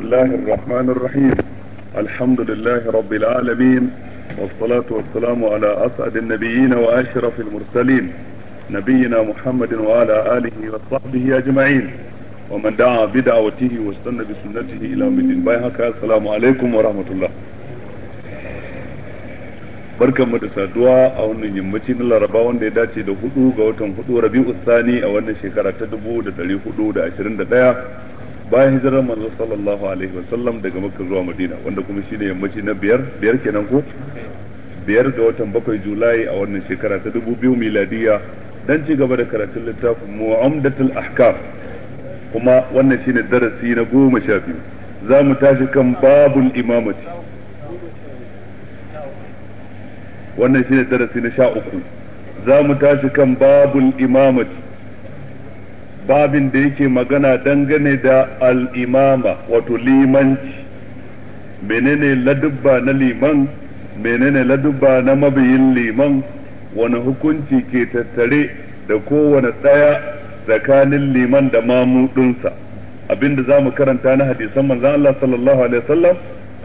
بسم الله الرحمن الرحيم الحمد لله رب العالمين والصلاة والسلام على أسعد النبيين وأشرف المرسلين نبينا محمد وعلى آله وصحبه أجمعين ومن دعا بدعوته واستنى بسنته إلى مدين بايهك السلام عليكم ورحمة الله barkan mu da saduwa a wannan yammaci na laraba wanda ya dace da hudu ga watan hudu rabi'u sani a wannan shekara ta dubu da dari hudu da ashirin da daya bayan hijirar manzo sallallahu alaihi wasallam daga makka zuwa madina wanda kuma shine yammaci na biyar biyar kenan ko biyar ga watan bakwai julai a wannan shekara ta dubu biyu miladiya dan ci gaba da karatun littafin mu'amdatul ahkam kuma wannan shine darasi na goma sha biyu za mu tashi kan babul imamati wannan shine darasi na sha uku za mu tashi kan babul imamati babin da yake magana dangane da al'imama wato limanci menene ladubba na liman menene ladubba na mabiyin liman wani hukunci ke tattare da kowane ɗaya tsakanin liman da mamudinsa abinda za mu karanta na hadisan manzan Allah sallallahu alaihi wasallam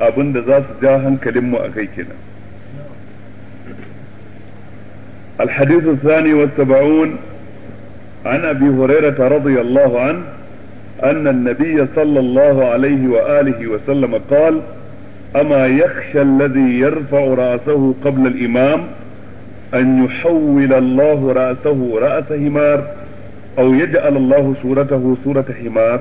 abinda za su ja hankalinmu a kai kenan الحديث الثاني والسبعون عن أبي هريرة رضي الله عنه أن النبي صلى الله عليه وآله وسلم قال أما يخشى الذي يرفع رأسه قبل الإمام أن يحول الله رأسه رأس حمار أو يجعل الله صورته صورة حمار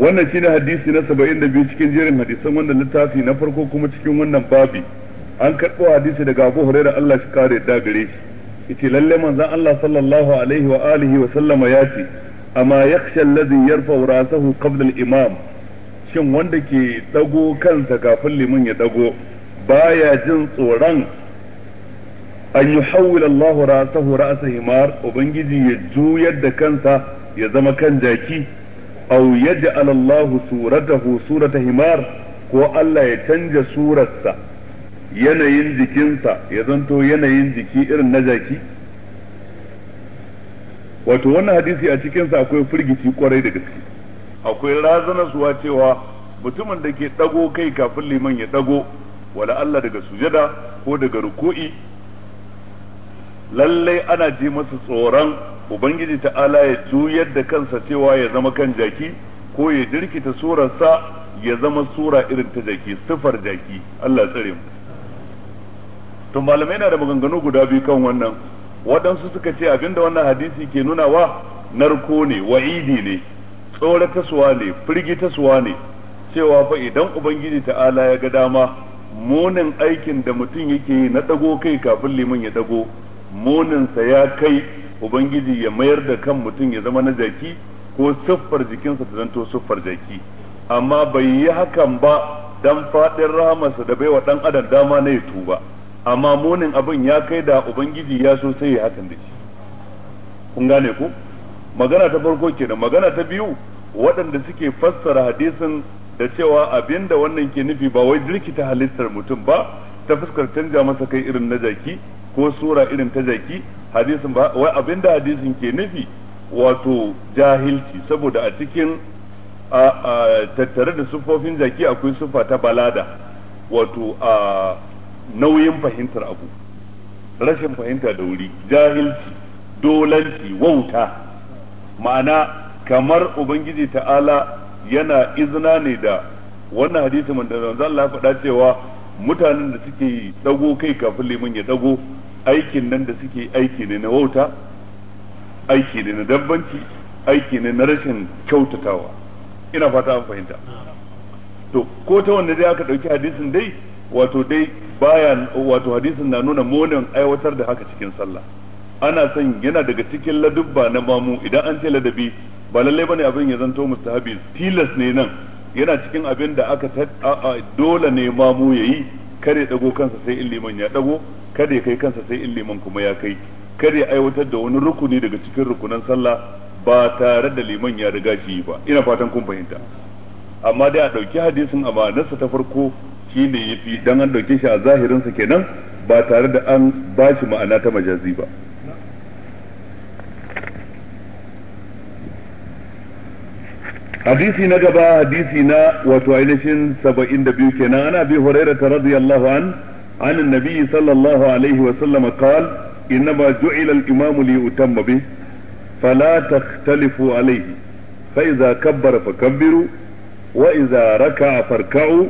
wannan shine hadisi na saba'in da biyu cikin jerin hadisan wannan littafi na farko kuma cikin wannan babi an karɓo hadisi daga abu hurairah Allah shi kare da gare shi yace lalle manzon Allah sallallahu alaihi wa alihi wa sallama ya ce amma yakhsha alladhi yarfa rasahu qabla al-imam shin wanda ke dago kansa kafin liman ya dago baya jin tsoron an yi Allah rasahu ra'sa himar ubangiji ya juyar da kansa ya zama kan jaki aw yaj'al Allah suratahu surata himar ko Allah ya canja surarsa yanayin jikinsa ya zanto yanayin jiki irin na jaki wato wannan hadisi a cikinsa akwai firgici kwarai da gaske akwai suwa cewa mutumin da ke ɗago kai kafin liman ya dago wala Allah daga sujada ko daga ruku'i lallai ana ji masa tsoron ubangiji ta'ala ya juyar da kansa cewa ya zama kan jaki ko ya jirkita surarsa ya zama sura irin ta jaki sifar jaki Allah tsare mu to malamai na da maganganu guda biyu kan wannan waɗansu suka ce abin da wannan hadisi ke nuna wa narko ne wa'idi ne tsorataswa ne firgitaswa ne cewa fa idan ubangiji ta'ala ya ga dama munin aikin da mutum yake yi na ɗago kai kafin liman ya ɗago muninsa ya kai ubangiji ya mayar da kan mutum ya zama na jaki ko siffar jikinsa ta zanto siffar jaki amma bai yi hakan ba dan faɗin rahamarsa da baiwa ɗan adam dama na ya tuba amma munin abin ya kai da ubangiji ya so sai ya hakan da shi kun gane ku magana ta farko kenan magana ta biyu waɗanda suke fassara hadisin da cewa abin da wannan ke nufi ba wai jirkita halittar mutum ba ta fuskar canja masa kai irin na jaki ko sura irin ta jaki hadisin ba wai abin da hadisin ke nufi wato jahilci saboda a cikin a tattare da siffofin jaki akwai siffa ta balada wato a nauyin fahimtar abu rashin fahimta da wuri jahilci dolanci wauta ma'ana kamar ubangiji ta'ala yana izina ne da wannan hadisi man da manzo Allah faɗa cewa mutanen da suke dago kai kafin liman ya dago aikin nan da suke aiki ne na wauta aiki ne na dabbanci aiki ne na rashin kyautatawa ina fata an fahimta to ko ta wanda dai aka ɗauki hadisin dai wato dai baya wato hadisin na nuna monin aiwatar da haka cikin sallah ana san yana daga cikin ladubba na mamu idan an ce ladabi ba lallai bane abin ya zanto mustahabi tilas ne nan yana cikin abin da aka dole ne mamu yayi kare dago kansa sai in liman ya dago ya kai kansa sai in liman kuma ya kai ya aiwatar da wani rukuni daga cikin rukunan sallah ba tare da liman ya riga shi ba ina fatan kun fahimta amma dai a ɗauki hadisin amma nasa ta farko shi ne ya fi don an ɗauke shi a zahirinsa kenan ba tare da an ba shi ma'ana ta majazi ba hadisi na gaba hadisi na wato ainihin saba'in da biyu kenan ana bi huraira ta radiyallahu an عن النبي صلى الله عليه وسلم قال إنما جعل الإمام ليؤتم به فلا تختلفوا عليه فإذا كبر فكبروا وإذا ركع فاركعوا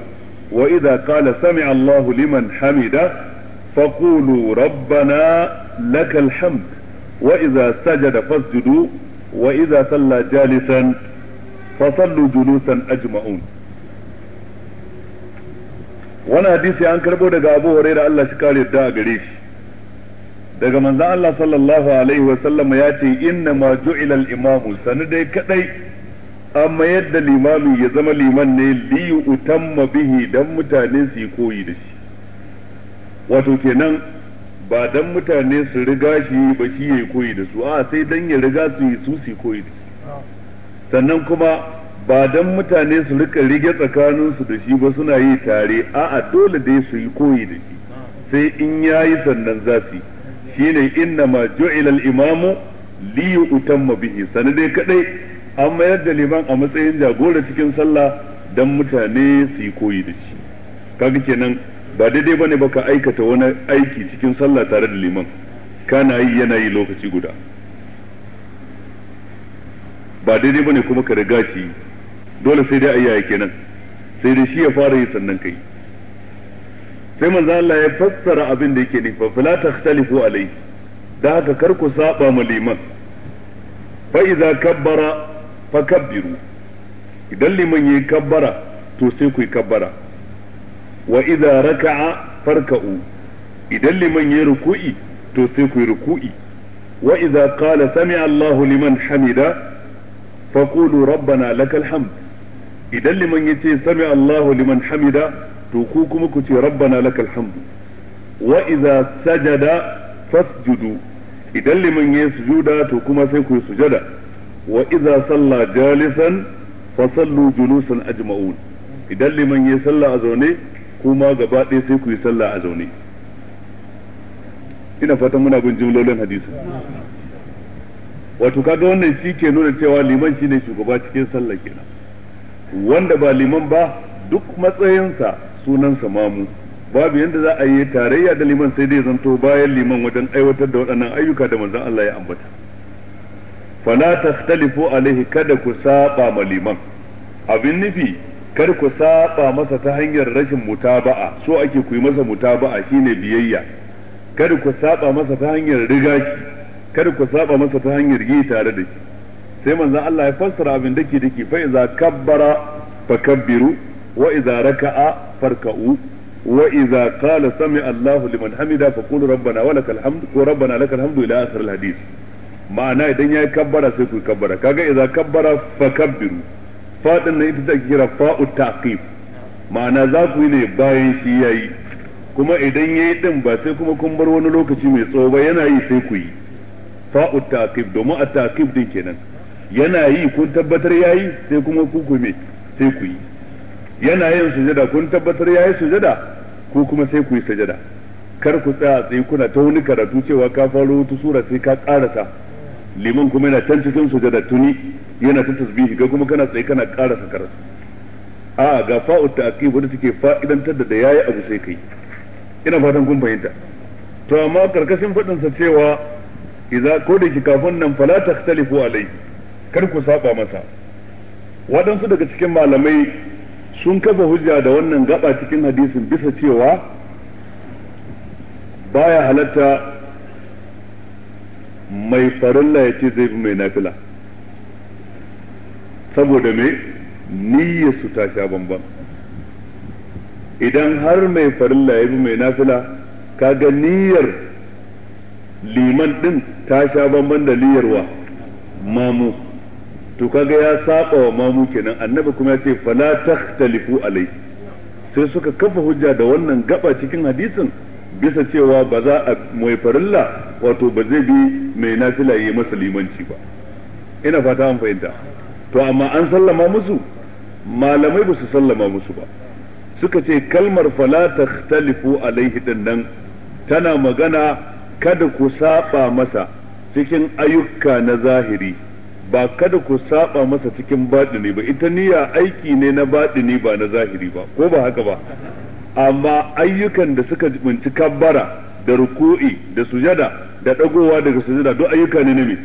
wa idza qala sami'a Allahu liman hamida faqulu rabbana lakal hamd wa idza sajada fasjudu wa idza salla jalisan fasallu julusan ajma'un wannan hadisi an karbo daga Abu Hurairah Allah shi kare da gare shi daga manzon Allah sallallahu alaihi wa sallam ya ce inna ma ju'ila imamu dai kadai amma yadda limami ya zama liman ne liyu utamma bihi dan mutane su yi koyi da shi wato kenan ba dan mutane su riga shi ba shi yayi koyi da su a sai dan ya riga su yi su su koyi da shi sannan kuma ba dan mutane su rika rige tsakanin su da shi ba suna yi tare a'a dole dai su yi koyi da shi sai in yayi sannan za su shine inna ma ju'ila al-imamu liyu utamma bihi dai kadai an mayar da liman a matsayin jagora cikin sallah don mutane su yi koyi da shi kaga kenan ba daidai bane ba ka aikata wani aiki cikin sallah tare da liman kana yi yana yi lokaci guda ba daidai bane kuma ka riga shi dole sai dai ayyaya kenan sai dai shi ya fara yi sannan kai sai manzo Allah ya fassara abin da yake ne fa ta takhtalifu alai da haka kar ku saba ma liman fa idza kabbara fakabbiru idan liman yayi kabbara to sai ku yi kabbara wa idza raka'a farka'u idan liman yayi ruku'i to sai ku yi ruku'i wa idza qala sami'a Allahu liman hamida faqulu rabbana lakal hamd idan liman yace sami'a Allahu liman hamida to ku kuma ku ce rabbana lakal hamd wa idza sajada fasjudu idan liman yayi sujuda to kuma sai ku yi sujada wa idza salla jalisan fa sallu julusan ajma'un idan liman yayi sallah a zaune kuma gaba ɗaya sai ku yi sallah a zaune ina fatan muna bin jimlolin hadisi wato kaga wannan shi ke nuna cewa liman shine shugaba cikin sallah kenan wanda ba liman ba duk matsayinsa sunansa mamu babu yadda za a yi tarayya da liman sai dai zanto bayan liman wajen aiwatar da waɗannan ayyuka da manzon Allah ya ambata fala takhtalifu alaihi kada ku saba ma liman abin nufi kar ku saba masa ta hanyar rashin mutaba'a so ake ku yi masa mutaba'a shine biyayya kada ku saba masa ta hanyar riga shi kada ku saba masa ta hanyar yi tare da shi sai manzon Allah ya fassara abin dake dake fa iza kabbara kabbiru wa iza raka'a farka'u wa iza qala sami Allahu liman hamida qul rabbana wa lakal hamdu wa rabbana lakal hamdu ila akhir al hadith ma'ana idan ya yi kabbara sai ku kabbara kaga idan kabbara fa kabbiru faɗin nan ita take kira fa'u taqib ma'ana za ku yi ne bayan shi yayi kuma idan yayi din ba sai kuma kun bar wani lokaci mai tsawo ba yana yi sai ku yi fa'u taqib domin a taqib din kenan yana yi kun tabbatar yayi sai kuma ku ku me sai ku yi yana yin sujada kun tabbatar yayi sujada ku kuma sai ku yi sujada kar ku tsaya tsaye kuna ta wani karatu cewa ka faro wata sura sai ka ƙarasa. liman kuma yana can cikin sujada tuni yana ta tasbihi kai kuma kana tsaye kana ƙara sakar a ga fa'u ta'qib wanda take fa'idantar da yayi abu sai kai ina fatan kun fahimta to amma karkashin fadin sa cewa idza ko da ki kafin nan fala takhtalifu alai kar ku saba masa waɗansu daga cikin malamai sun kafa hujja da wannan gaba cikin hadisin bisa cewa baya halatta mai farilla ya ce zai bi mai nafila saboda me su ta sha bamban idan har mai farilla ya bi mai nafila kaga niyyar liman din ta sha bamban da niyyarwa mamu to kaga ya saba wa mamu kenan annabi kuma ya ce fala takhtalifu alai sai suka kafa hujja da wannan gaba cikin hadisin bisa cewa ba za a mai farilla wato ba zai bi mai nafila ya masa limanci ba ina fata an fahimta to amma an sallama musu malamai ba su sallama musu ba suka ce kalmar fala talifu alaihi din nan tana magana kada ku saba masa cikin ayyuka na zahiri ba kada ku saba masa cikin baɗini ba ita niyya aiki ne na baɗini ba na zahiri ba ko ba haka ba amma ayyukan da suka jibinci kabbara da ruku'i da sujada da dagowa daga sujada duk ayyuka ne na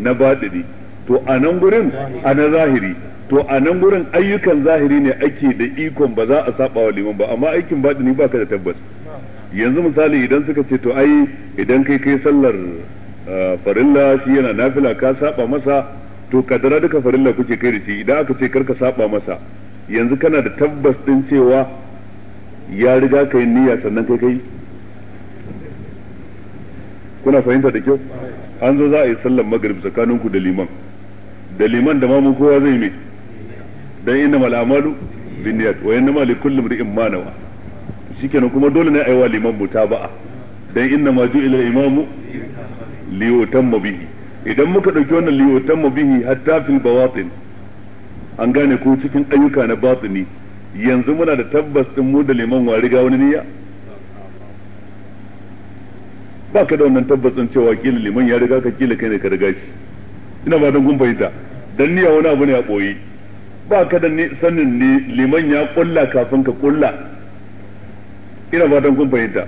na baɗini to a nan gurin a na zahiri to a nan gurin ayyukan zahiri ne ake da ikon ba za a saba wa liman ba amma aikin baɗini ba ka da tabbas yanzu misali idan suka ce to ai idan kai kai sallar ah, farilla shi yana nafila ka saba masa to kadara duka farilla kuke kai da shi idan aka ce karka saba masa yanzu kana da tabbas din cewa ya riga ka yi niyya sannan kai kai kuna fahimta da kyau an zo za a yi sallar magrib tsakaninku da liman da liman da mamu kowa zai mai dan inna mal amalu binniyat wa inna li kulli imrin ma nawa shikenan kuma dole ne aiwa liman mutaba'a dan inna ma ila imamu li yutamma bihi idan muka dauki wannan li yutamma bihi hatta fil bawatin an gane ko cikin ayyuka na batini yanzu muna da tabbas din mu da liman wa riga wani niyya ba ka da wannan tabbacin cewa kila liman ya riga ka kila kai ne ka riga shi ina ba don kun fahimta dan niyya wani abu ne a koyi ba ka da sanin ne liman ya kulla kafin ka kulla ina ba don kun fahimta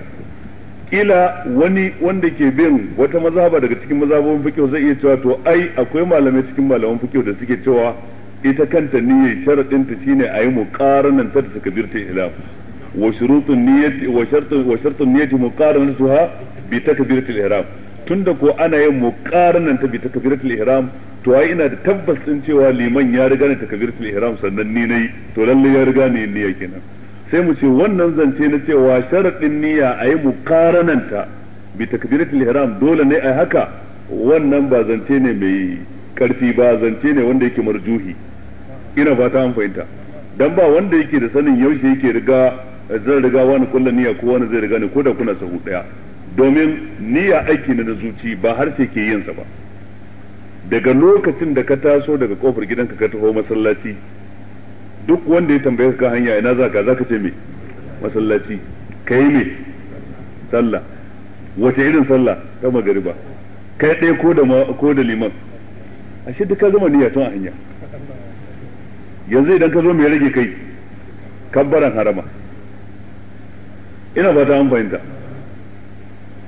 kila wani wanda ke bin wata mazhaba daga cikin mazhabobin fiqh zai iya cewa to ai akwai malamai cikin malaman fiqh da suke cewa ita kanta niyyar sharadin ta shine a yi muqaranan ta da takbiratul ihram wa shurutun niyyati wa shartun wa shartun niyyati suha bi takbiratul ihram tunda ko ana yin muqaranan ta bi takbiratul ihram to ai ina da tabbas din cewa liman ya riga ni takbiratul ihram sannan ni nayi to lalle ya riga ni niyya kenan sai mu ce wannan zance na cewa sharadin niyya a yi muqaranan ta bi takbiratul ihram dole ne ai haka wannan ba zance ne mai karfi ba zance ne wanda yake marjuhi ina fata amfani ta dan ba wanda yake da sanin yaushe yake riga zan riga wani kullun niyya ko wani zai riga ni ko da kuna sahu daya domin niyya aiki ne na zuci ba har sai ke yin sa ba daga lokacin da ka taso daga kofar gidanka ka taho masallaci duk wanda ya tambaye ka hanya ina za ka za ka ce me masallaci kai me sallah wace irin sallah ta magariba kai dai ko da ko da liman ashe duka zama niyya tun a hanya yanzu idan ka zo mai rage kai kabbaran harama ina fata an fahimta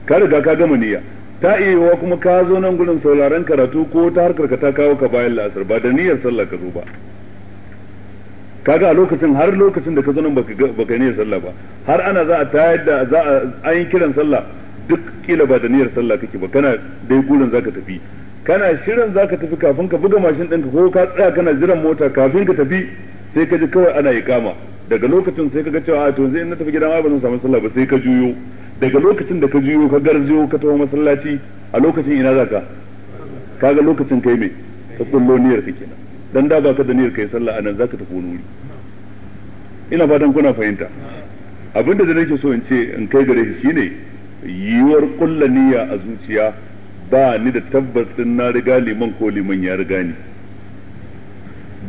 ka riga ka gama niyya ta iya kuma ka zo nan gudun sauraron karatu ko ta harkar ka ta kawo ka bayan la'asar ba da niyyar sallah ka zo ba kaga a lokacin har lokacin da ka zo nan baka niyyar sallah ba har ana za a tayar da za a an kiran sallah duk kila ba da niyyar sallah kake ba kana dai gurin zaka tafi kana shirin za ka tafi kafin ka buga mashin ɗinka ko ka tsaya kana jiran mota kafin ka tafi sai ka ji kawai ana ikama daga lokacin sai ka ga cewa a to na tafi gida ma ba zan samu sallah ba sai ka juyo daga lokacin da ka juyo ka garzo ka taho masallaci a lokacin ina za ka kaga lokacin kai mai ka kullo niyyar ka kenan dan da baka da niyyar kai sallah anan zaka tafi wani wuri ina fatan kuna fahimta abinda da nake so in ce in kai gare shi shine yiwuwar kulla niyya a zuciya ba ni da tabbas din na riga liman ko liman ya riga ni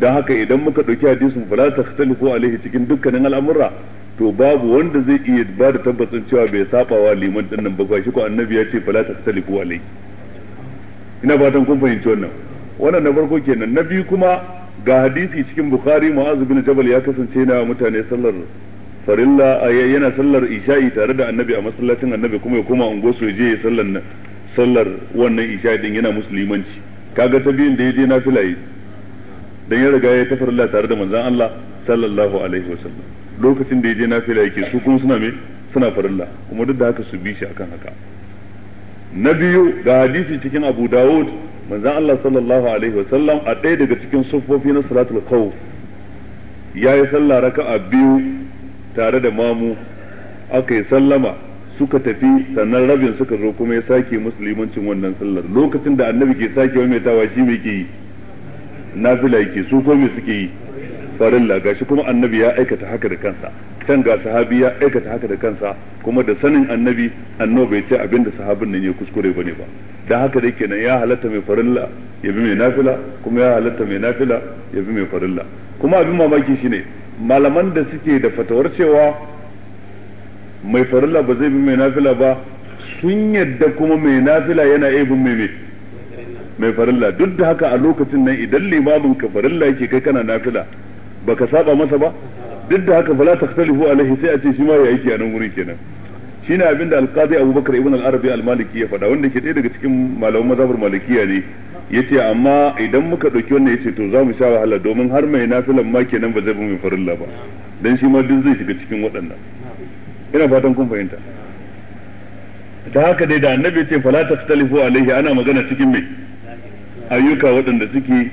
don haka idan muka ɗauki hadisin fala ko alaihi cikin dukkanin al'amura to babu wanda zai iya ba da tabbacin cewa bai saba wa liman din nan ba shi ko annabi ya ce fala ko alaihi ina fatan kun fahimci wannan wannan na farko kenan na biyu kuma ga hadisi cikin bukhari mu'az bin jabal ya kasance na mutane sallar farilla yana sallar isha'i tare da annabi a masallacin annabi kuma ya koma unguwar su je sallar sallar wannan isha din yana musulmanci kaga ta biyun da ya je na filaye dan ya riga ya tafar Allah tare da manzon Allah sallallahu alaihi wasallam lokacin da ya je filaye ke su kuma suna me suna farilla kuma duk da haka su bi shi akan haka na biyu ga hadisi cikin Abu Dawud manzon Allah sallallahu alaihi wasallam a ɗaya daga cikin sufofi na salatul khawf yayi sallah raka'a biyu tare da mamu aka yi sallama suka tafi sannan rabin suka zo kuma ya sake musulmancin wannan sallar lokacin da annabi ke sake maimaitawa shi mai ke yi nafila yake su ko me suke yi farilla gashi kuma annabi ya aikata haka da kansa can ga sahabi ya aikata haka da kansa kuma da sanin annabi annabi bai ce abinda sahabin nan ya kuskure ba ne ba Da haka dai kenan ya halatta mai farin la ya bi mai nafila kuma ya halatta mai nafila ya bi mai farin la kuma abin mamaki shine malaman da suke da fatawar cewa mai farilla ba zai bi mai nafila ba sun yadda kuma mai nafila yana iya bin mai mai farilla duk da haka a lokacin nan idan limamin ka farilla yake kai kana nafila baka saba masa ba duk da haka fala takhtalifu alaihi sai a ce shi ma ya aiki a nan wurin kenan shine abin da alqadi abubakar ibn al-arabi al-maliki ya faɗa wanda ke ɗaya daga cikin malaman mazhabar malikiya ne yace amma idan muka ɗauki wannan ce to za mu sha wahala domin har mai nafilan ma kenan ba zai bi mai farilla ba dan shi ma duk zai shiga cikin waɗannan ina fatan kun fahimta ta haka dai da annabi ce fala tastalifu alaihi ana magana cikin mai ayyuka waɗanda suke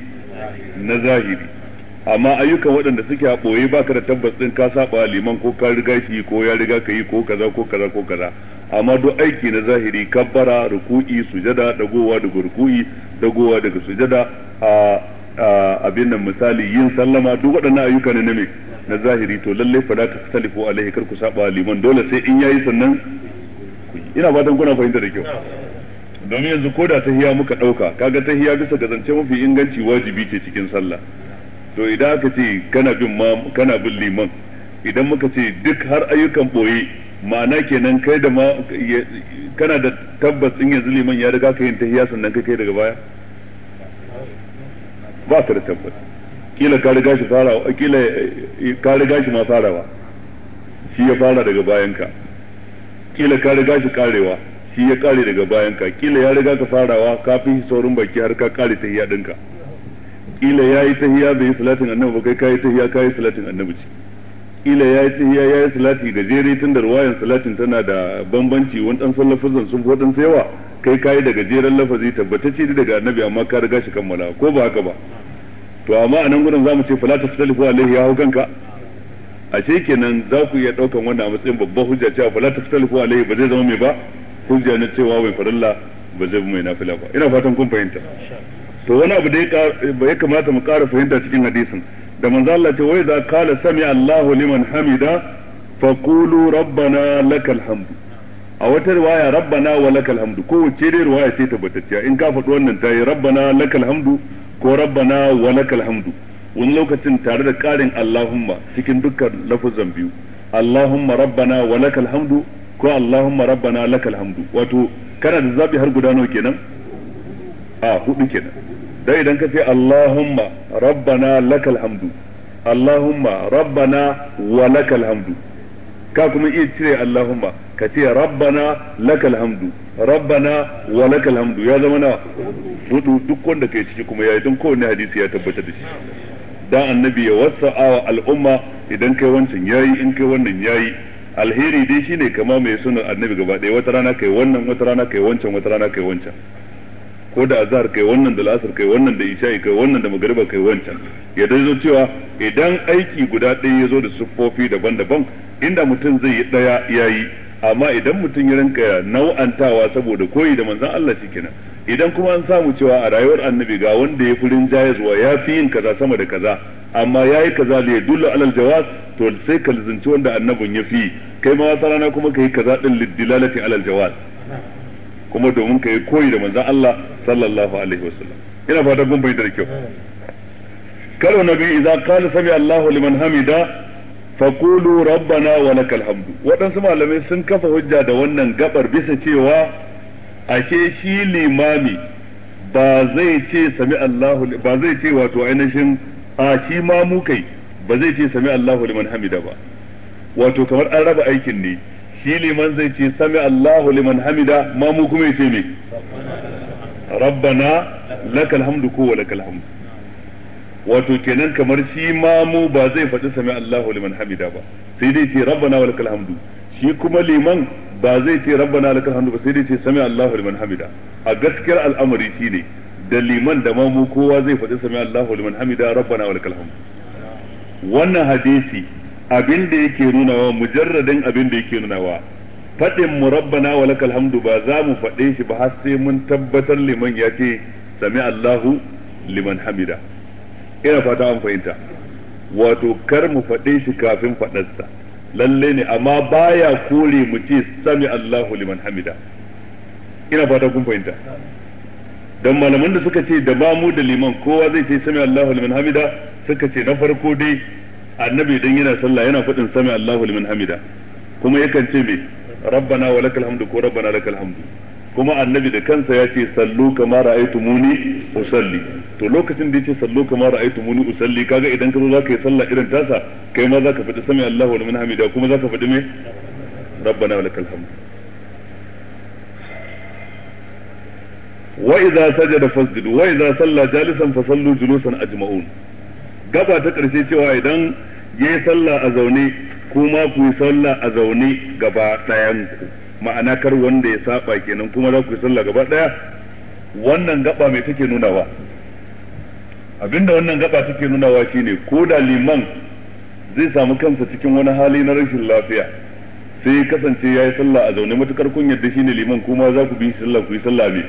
na zahiri amma ayyuka waɗanda suke a ɓoye baka da tabbas ɗin ka saba liman ko ka riga shi ko ya riga ka yi ko kaza ko kaza ko kaza amma duk aiki na zahiri kabbara ruku'i sujada dagowa daga ruku'i dagowa daga sujada a abin nan misali yin sallama duk waɗannan ayyuka ne na na zahiri to lalle fa da ta salifu alaihi kar ku saba liman dole sai in yayi sannan ina fatan kuna fahimta da kyau domin yanzu ko da tahiya muka ɗauka kaga tahiya bisa kazance mafi inganci wajibi ce cikin sallah to idan aka ce kana bin ma kana bin liman idan muka ce duk har ayyukan boye ma'ana kenan kai da ma kana da tabbas in yanzu liman ya riga ka yin tahiya sannan kai kai daga baya ba ka da tabbas kila ka riga shi farawa kila eh, eh, ka riga shi ma farawa shi ya fara daga bayanka kila ka riga shi karewa shi ya kare daga bayanka kila ya riga ka farawa ka fi shi saurin baki har ka kare hiya dinka kila ya yi hiya bai salatin annabi kai kai ka yi kai ka yi salatin annabi ce ila ya yi ya yi salati jere tun da ruwayan salatin tana da bambanci wani dan sallafin sun fi wadansa yawa kai kayi da gajeren lafazi tabbatacce daga annabi amma ka riga shi kammala ko ba haka ba to amma a nan gudun za mu ce fala talifu alaihi ya hau kanka ce kenan za ku iya daukan wannan a matsayin babban hujja cewa fala talifu alaihi ba zai zama mai ba hujja na cewa bai farilla ba zai mai nafila ba ina fatan kun fahimta to wani abu da ya kamata mu ƙara fahimta cikin hadisin da manzo Allah ce wai da kala sami Allahu liman hamida qulu rabbana lakal hamdu a wata riwaya rabbana wa lakal hamdu ko wace dai riwaya ce tabbatacciya in ka faɗi wannan ta yi rabbana lakal hamdu ko rabbana wa lakal hamdu wani lokacin tare da ƙarin Allahumma cikin dukkan lafazan biyu Allahumma rabbana wa lakal hamdu ko Allahumma rabbana lakal hamdu wato kana da zabi har guda nawa kenan a hudu kenan dan idan ka ce Allahumma rabbana lakal hamdu Allahumma rabbana wa lakal hamdu ka kuma iya cire Allahumma ka ce rabbana lakal hamdu rabbana wa lakal hamdu ya zama na hudu duk wanda kai ciki kuma yayi don kowane hadisi ya tabbata da shi dan annabi ya wasa'a wa al'umma idan kai wancan yayi in kai wannan yayi alheri dai shine kama mai sunan annabi gaba ɗaya wata rana kai wannan wata rana kai wancan wata rana kai wancan ko da azhar kai wannan da lasar kai wannan da isha'i kai wannan da magariba kai wancan ya dai zo cewa idan aiki guda ɗaya ya zo da siffofi daban-daban inda mutum zai yi ɗaya ya yi amma idan mutum ya rinka nau'antawa saboda koyi da manzan Allah kenan idan kuma an samu cewa a rayuwar annabi ga wanda ya furin jayazuwa ya fi yin kaza sama da kaza amma ya yi kaza da ya dulla alal jawaz to sai ka lizinci wanda annabin ya fi kai ma wata rana kuma ka yi kaza din liddilalati alal jawaz kuma domin ka yi koyi da manzon Allah sallallahu alaihi wasallam ina fata kun bayyana da kyau karo na biyu idan qala sami Allahu liman hamida faqulu rabbana wa lakal hamdu waɗansu malamai sun kafa hujja da wannan gabar bisa cewa ashe shi limami ba zai ce sami Allahu ba zai ce wato ainihin a shi ma mu kai ba zai ce sami Allahu liman hamida ba wato kamar an raba aikin ne shi liman zai ce sami Allahu liman hamida ma mu kuma ya ce me rabbana lakal hamdu ko lakal hamdu wato kenan kamar shi ma mu ba zai faɗi sami Allahu liman hamida ba sai dai ce rabbana lakal hamdu shi kuma liman ba zai ce rabbana lakal hamdu ba sai dai ce sami Allahu liman hamida a gaskiyar al'amari shi ne da liman da ma mu kowa zai faɗi sami Allahu liman hamida rabbana lakal hamdu wannan hadisi abin da yake nunawa mujarradin abin da yake nunawa faɗin mu rabbana wa lakal hamdu ba za mu faɗe shi ba har sai mun tabbatar liman ya ce sami Allahu liman hamida ina fata an fahimta wato kar mu faɗe shi kafin faɗarsa lalle ne amma baya kore mu ce sami Allahu liman hamida ina fata kun fahimta dan malaman da suka ce da ba mu da liman kowa zai ce sami Allahu liman hamida suka ce na farko dai annabi idan yana sallah yana faɗin sami Allahu liman hamida kuma yakan ce me rabbana wa lakal hamdu ko rabbana lakal hamdu kuma annabi da kansa ya ce sallu kama muni usalli to lokacin da yace sallu kama muni usalli kaga idan ka zo zaka yi sallah irin tasa kai ma zaka faɗi sami Allahu liman hamida kuma zaka faɗi me rabbana wa lakal hamdu wa idza sajada fasjudu wa idza salla jalisan fasallu julusan ajma'un gaba ta ƙarshe cewa idan ya yi sallah a zaune kuma ku yi sallah a zaune gaba ɗayan ku ma'ana kar wanda ya saba kenan kuma za ku yi sallah gaba ɗaya wannan gaba mai take nunawa abinda wannan gaba take nunawa shine ko da liman zai samu kansa cikin wani hali na rashin lafiya sai ya kasance ya yi sallah a zaune matukar kun yadda shine liman kuma za ku bi sallah ku yi sallah mai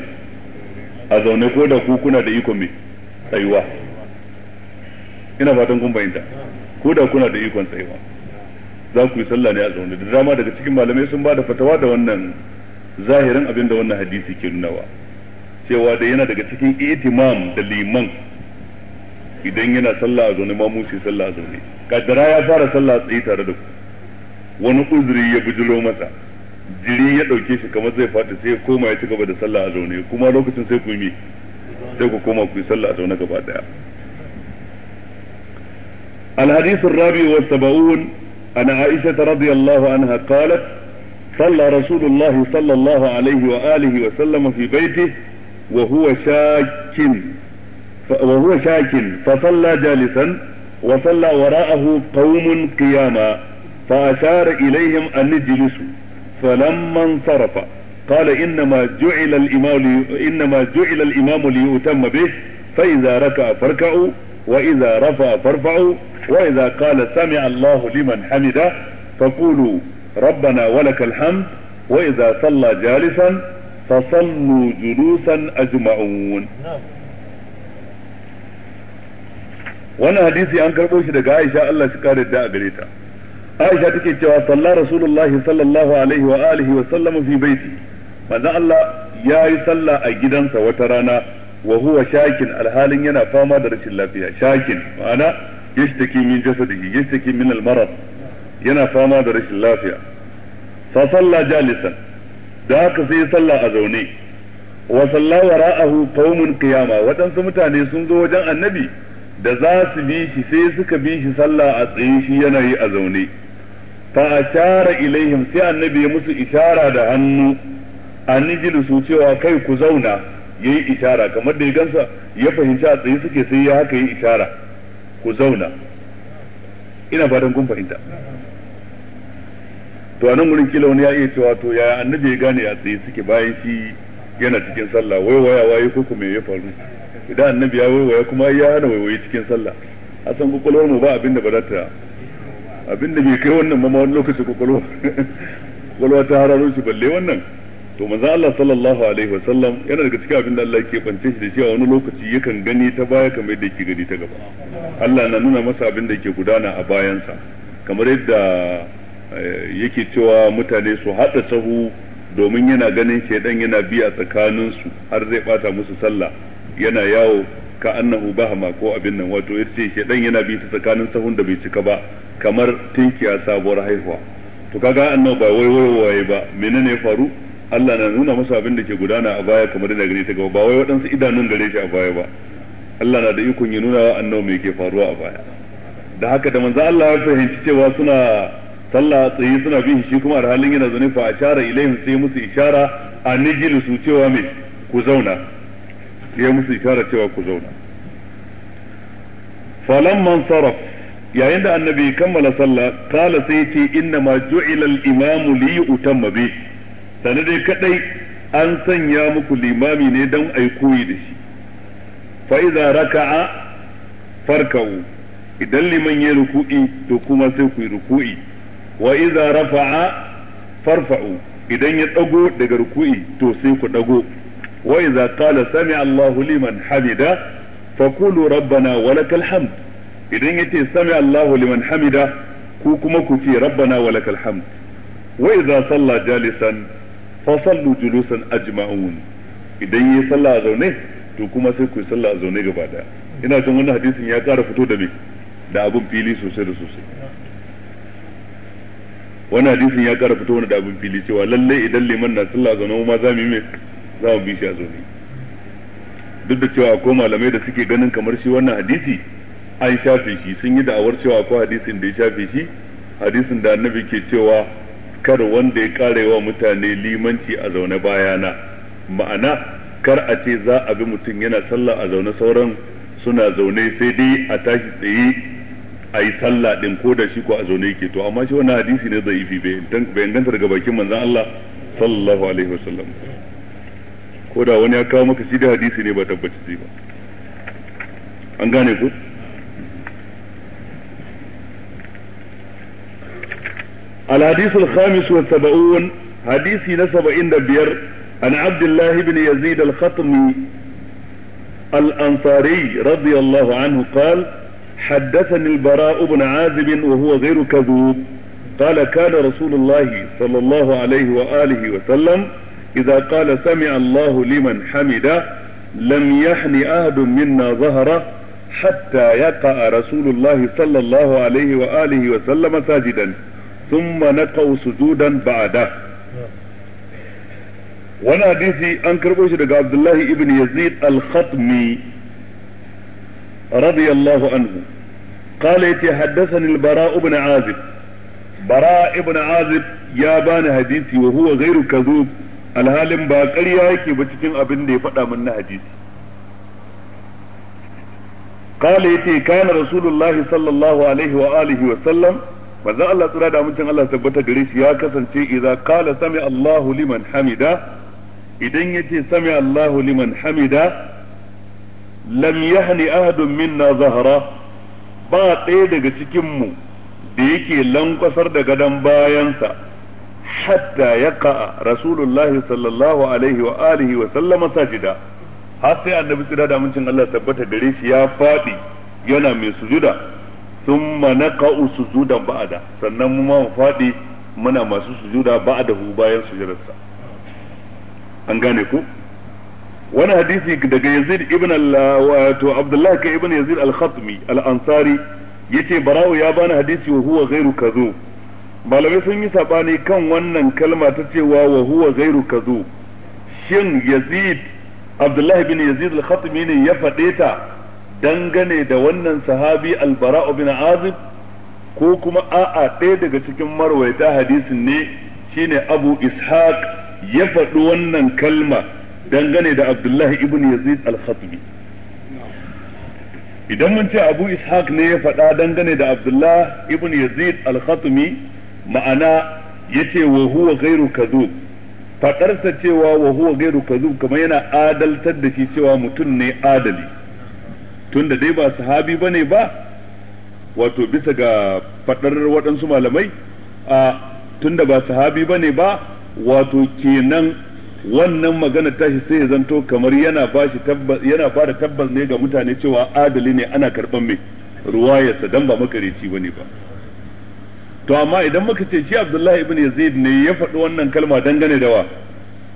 a zaune ko da ku kuna da iko mai tsayuwa ina fatan kun bayyanta ko da kuna da ikon tsayawa za ku yi sallah ne a zaune da dama daga cikin malamai sun ba da fatawa da wannan zahirin abin da wannan hadisi ke nunawa cewa da yana daga cikin itimam da liman idan yana sallah a zaune ma mu sallah a zaune kaddara ya fara sallah a tsaye tare da ku wani uzuri ya bujiro masa jiri ya dauke shi kamar zai fadi sai ya koma ya ci gaba da sallah a zaune kuma lokacin sai ku yi sai ku koma ku yi sallah a zaune gaba daya الحديث الرابع والسبعون عن عائشة رضي الله عنها قالت صلى رسول الله صلى الله عليه وآله وسلم في بيته وهو شاك وهو شاك فصلى جالسا وصلى وراءه قوم قياما فأشار إليهم أن اجلسوا فلما انصرف قال إنما جعل الإمام إنما جعل الإمام ليؤتم به فإذا ركع فاركعوا waiza idza rafa farfa'u wa idza Allahu liman hamida faqulu rabbana walakal hamd wa idza salla jalisan fasallu julusan ajma'un wannan hadisi an karbo shi daga Aisha Allah shi kare da a aisha ta Aisha take cewa sallar Rasulullahi sallallahu alaihi wa alihi wa sallam fi baiti manzon Allah ya yi sallah a gidansa wata rana wa huwa shakin alhalin yana fama da rashin lafiya shakin ma'ana yashtaki min jasadihi yashtaki min almarad yana fama da rashin lafiya fa salla jalisan da haka sai salla a zaune wa salla wara'ahu qaumun qiyama waɗansu mutane sun zo wajen annabi da za su bi shi sai suka bi shi sallah a tsaye shi yana yi a zaune fa ashara ilaihim sai annabi ya musu ishara da hannu an su cewa kai ku zauna ya yi ishara kamar da ya gansa ya fahimci a tsaye suke sai ya haka yi ishara ku zauna ina fatan kun fahimta to a nan wurin kila wani ya iya cewa to yaya annabi ya gane a tsaye suke bayan shi yana cikin sallah wai-wai waya waye ko kuma ya faru idan annabi ya wai waya kuma ya hana waiwai cikin sallah a san kwakwalwar mu ba abin da ba za ta abin da bai kai wannan ma wani lokaci kwakwalwa kwakwalwa ta hararo shi balle wannan to manzo Allah sallallahu alaihi wasallam yana daga cikin abin da Allah ke kwance shi da cewa wani lokaci yakan gani ta baya kamar yadda yake gani ta gaba Allah na nuna masa abin da yake gudana a bayansa kamar yadda eh, yake cewa mutane su haɗa sahu domin yana ganin shaidan yana biya su har zai bata musu sallah yana yawo ka annahu bahama ko abin nan wato yace shaidan yana biya ta tsakanin sahun da bai cika ba kamar tinkiya sabuwar haihuwa to kaga annabawa ba wai wai waye ba menene ya faru Allah na nuna masa abin da ke gudana a baya kamar da gare ta gaba ba wai waɗansu idanun gare shi a baya ba Allah na da ikon ya nuna wa annabi me ke faruwa a baya da haka da manzo Allah ya fahimci cewa suna sallah tsaye suna bin shi kuma a halin yana zaune fa ashara ilaihim sai musu ishara a nijilu su cewa me ku zauna ya musu ishara cewa ku zauna man sarraf yayin da annabi kammala sallah kala sai ce inna ma ju'ila al-imamu li yutamma bihi sane dai kadai an sanya muku limami ne don a yi koyi da shi iza raka'a farka'u idan liman ya ruku'i to kuma sai ku yi ruku'i wa iza rafa'a farfa'u idan ya dago daga ruku'i to sai ku dago wa iza qala sami Allahu liman hamida faqulu rabbana walakal hamd idan yace sami Allahu liman hamida ku kuma ku ce rabbana walakal hamd wa iza salla jalisan fa sallu julusan ajma'un idan yi sallah a zaune to kuma sai ku yi sallah a zaune gaba daya ina jin wannan hadisin ya kara fito da me da abun fili sosai da sosai wannan hadisin ya kara fito wani da abun fili cewa lalle idan liman na sallah a zaune ma za mu yi me za mu bi shi a zaune duk da cewa akwai malamai da suke ganin kamar shi wannan hadisi an shafe shi sun yi da'awar cewa akwai hadisin da ya shafe shi hadisin da annabi ke cewa kar wanda ya kare wa mutane limanci a zaune bayana ma'ana kar a ce za a bi mutum yana sallah a zaune sauran suna zaune sai dai a tashi tsaye a yi sallah din ko da shi ko a zaune yake to amma shi wannan hadisi ne zai yi bai ganta daga bakin manzon Allah sallallahu alaihi wasallam ko da wani ya kawo maka shi da hadisi ne ba tabbaci ba an gane ku الحديث الخامس والسبعون حديثي نسب عند بير عن عبد الله بن يزيد الخطمي الأنصاري رضي الله عنه قال حدثني البراء بن عازب وهو غير كذوب قال كان رسول الله صلى الله عليه وآله وسلم إذا قال سمع الله لمن حمده لم يحن أحد منا ظهره حتى يقع رسول الله صلى الله عليه وآله وسلم ساجدا thumma dan ba da wani hadisi an karɓo shi daga Abdullahi ibn Yazid al-Khatmi radiyallahu anhu قال يتي حدثني البراء بن عازب براء بن عازب يا بان حديثي وهو غير كذوب alhalin ba ƙarya yake ba cikin abin da ya faɗa min na hadisi قال يتي كان رسول الله صلى الله عليه وآله وسلم manzon Allah tsira da amincin Allah tabbata gare shi ya kasance idza qala sami Allahu liman hamida idan yace sami Allahu liman hamida lam yahni ahadun minna zahra ba ɗaya daga cikinmu da yake lankwasar da gadon bayansa hatta ya ka'a rasulullahi sallallahu alaihi wa alihi wa sallama sajida har sai annabi tsira da amincin Allah tabbata gare shi ya faɗi yana mai sujuda Sun thumma naqa'u sujudan ba'ada sannan mu ma mu fadi muna masu sujuda ba'dahu bayan sujudarsa an gane ku. wani hadisi daga Yazid ibn wato Abdullahi ka ibn Yazid al-Khatmi al-Ansari yace Bara'u ya bani hadisi wa huwa ghairu kadhub malamai sun yi sabani kan wannan kalma ta cewa wa huwa ghairu kadhub shin Yazid Abdullahi ibn Yazid al-Khatmi ne ya faɗe ta dangane da wannan sahabi albara'u bin azib ko kuma a'a ɗaya daga cikin marwaita hadisin ne shine abu ishaq ya faɗi wannan kalma dangane da abdullahi ibn yazid al-khatibi idan mun ce abu ishaq ne ya faɗa dangane da abdullahi ibn yazid al khatibi ma'ana yace wa huwa gairu kadhub faɗarsa cewa wa huwa gairu kadhub kamar yana adaltar da shi cewa mutum ne adali tunda dai ba sahabi bane ba wato bisa ga fadar waɗansu malamai a tunda ba sahabi bane ba wato kenan wannan magana tashi sai ya zanto kamar yana ba shi tabbas yana ba da tabbas ne ga mutane cewa adali ne ana karban mai sa dan ba makareci bane ba to amma idan muka ce shi Abdullahi ibn Yazid ne ya faɗi wannan kalma dangane da wa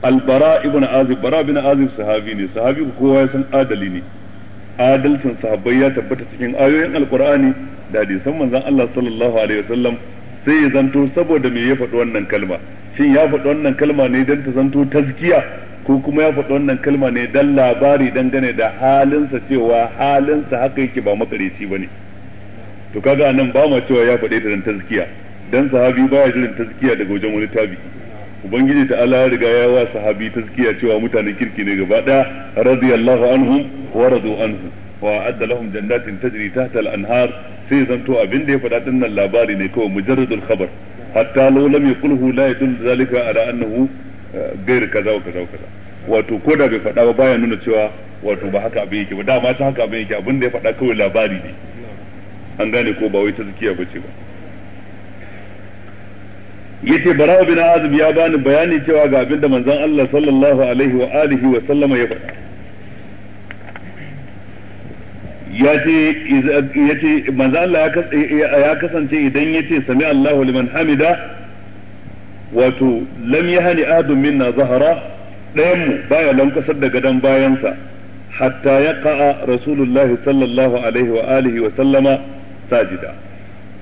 Albara ibn Azib Bara ibn Azib sahabi ne sahabi kowa ya san adali ne adalcin sahabbai ya tabbata cikin ayoyin alkur'ani da hadisan manzon Allah sallallahu alaihi wasallam sai ya zanto saboda me ya faɗi wannan kalma shin ya faɗi wannan kalma ne don ta zanto tazkiya ko kuma ya faɗi wannan kalma ne don labari dangane da halinsa cewa halinsa haka yake ba makareci ba ne to kaga nan ba ma cewa ya faɗi ta don tazkiya dan sahabi baya jiran tazkiya daga wajen wani tabi'i ubangiji ta ala riga ya wa sahabi tazkiya cewa mutane kirki ne gaba daya radiyallahu anhum wa radu anhu wa adda lahum jannatin tajri tahta al-anhar sai zanto abin da ya faɗa dinnan labari ne kawai mujarradul khabar hatta law lam yaqulhu la yadun zalika ala annahu eh, ghayr kaza wa kaza wa kaza wato ko da bai faɗa ba baya nuna cewa wato ba haka abin yake ba dama ta haka abin yake abin da ya faɗa kawai labari ne an gane ko ba wai tazkiya bace ba yace bara'u bin azib ya bani bayani cewa ga abin da manzon Allah sallallahu alaihi wa alihi wa sallama ya faɗa yace yace manzon Allah ya kasance idan yace sami Allahu liman hamida wato lam yahni ahadun minna zahara ɗayan mu baya lankwasar da gadon bayansa hatta yaqa rasulullahi sallallahu alaihi wa alihi wa sallama sajida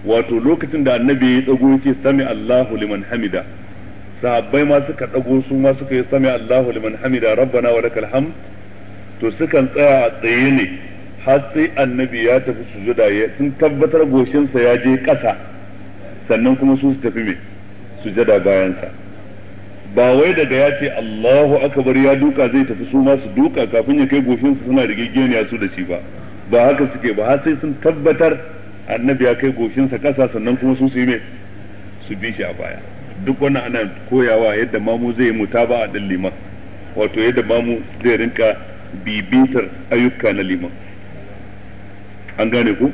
wato lokacin da annabi ya tsago yake sami Allahu liman hamida sahabbai ma suka tsago su ma suka yi sami Allahu liman hamida rabbana wa lakal hamd to sukan tsaya a tsaye ne har sai annabi ya tafi sujuda ya sun tabbatar goshinsa ya je ƙasa sannan kuma su su tafi mai sujada bayansa ba wai daga ya ce Allahu akbar ya duka zai tafi su ma su duka kafin ya kai goshinsu suna ya su da shi ba ba haka suke ba har sai sun tabbatar annabi ya kai goshinsa kasa sannan kuma su su yi mai su bi shi a baya duk wannan ana koyawa yadda mamu zai yi mutaba a ɗan liman wato yadda mamu zai rinka bibintar ayyuka na liman an gane ku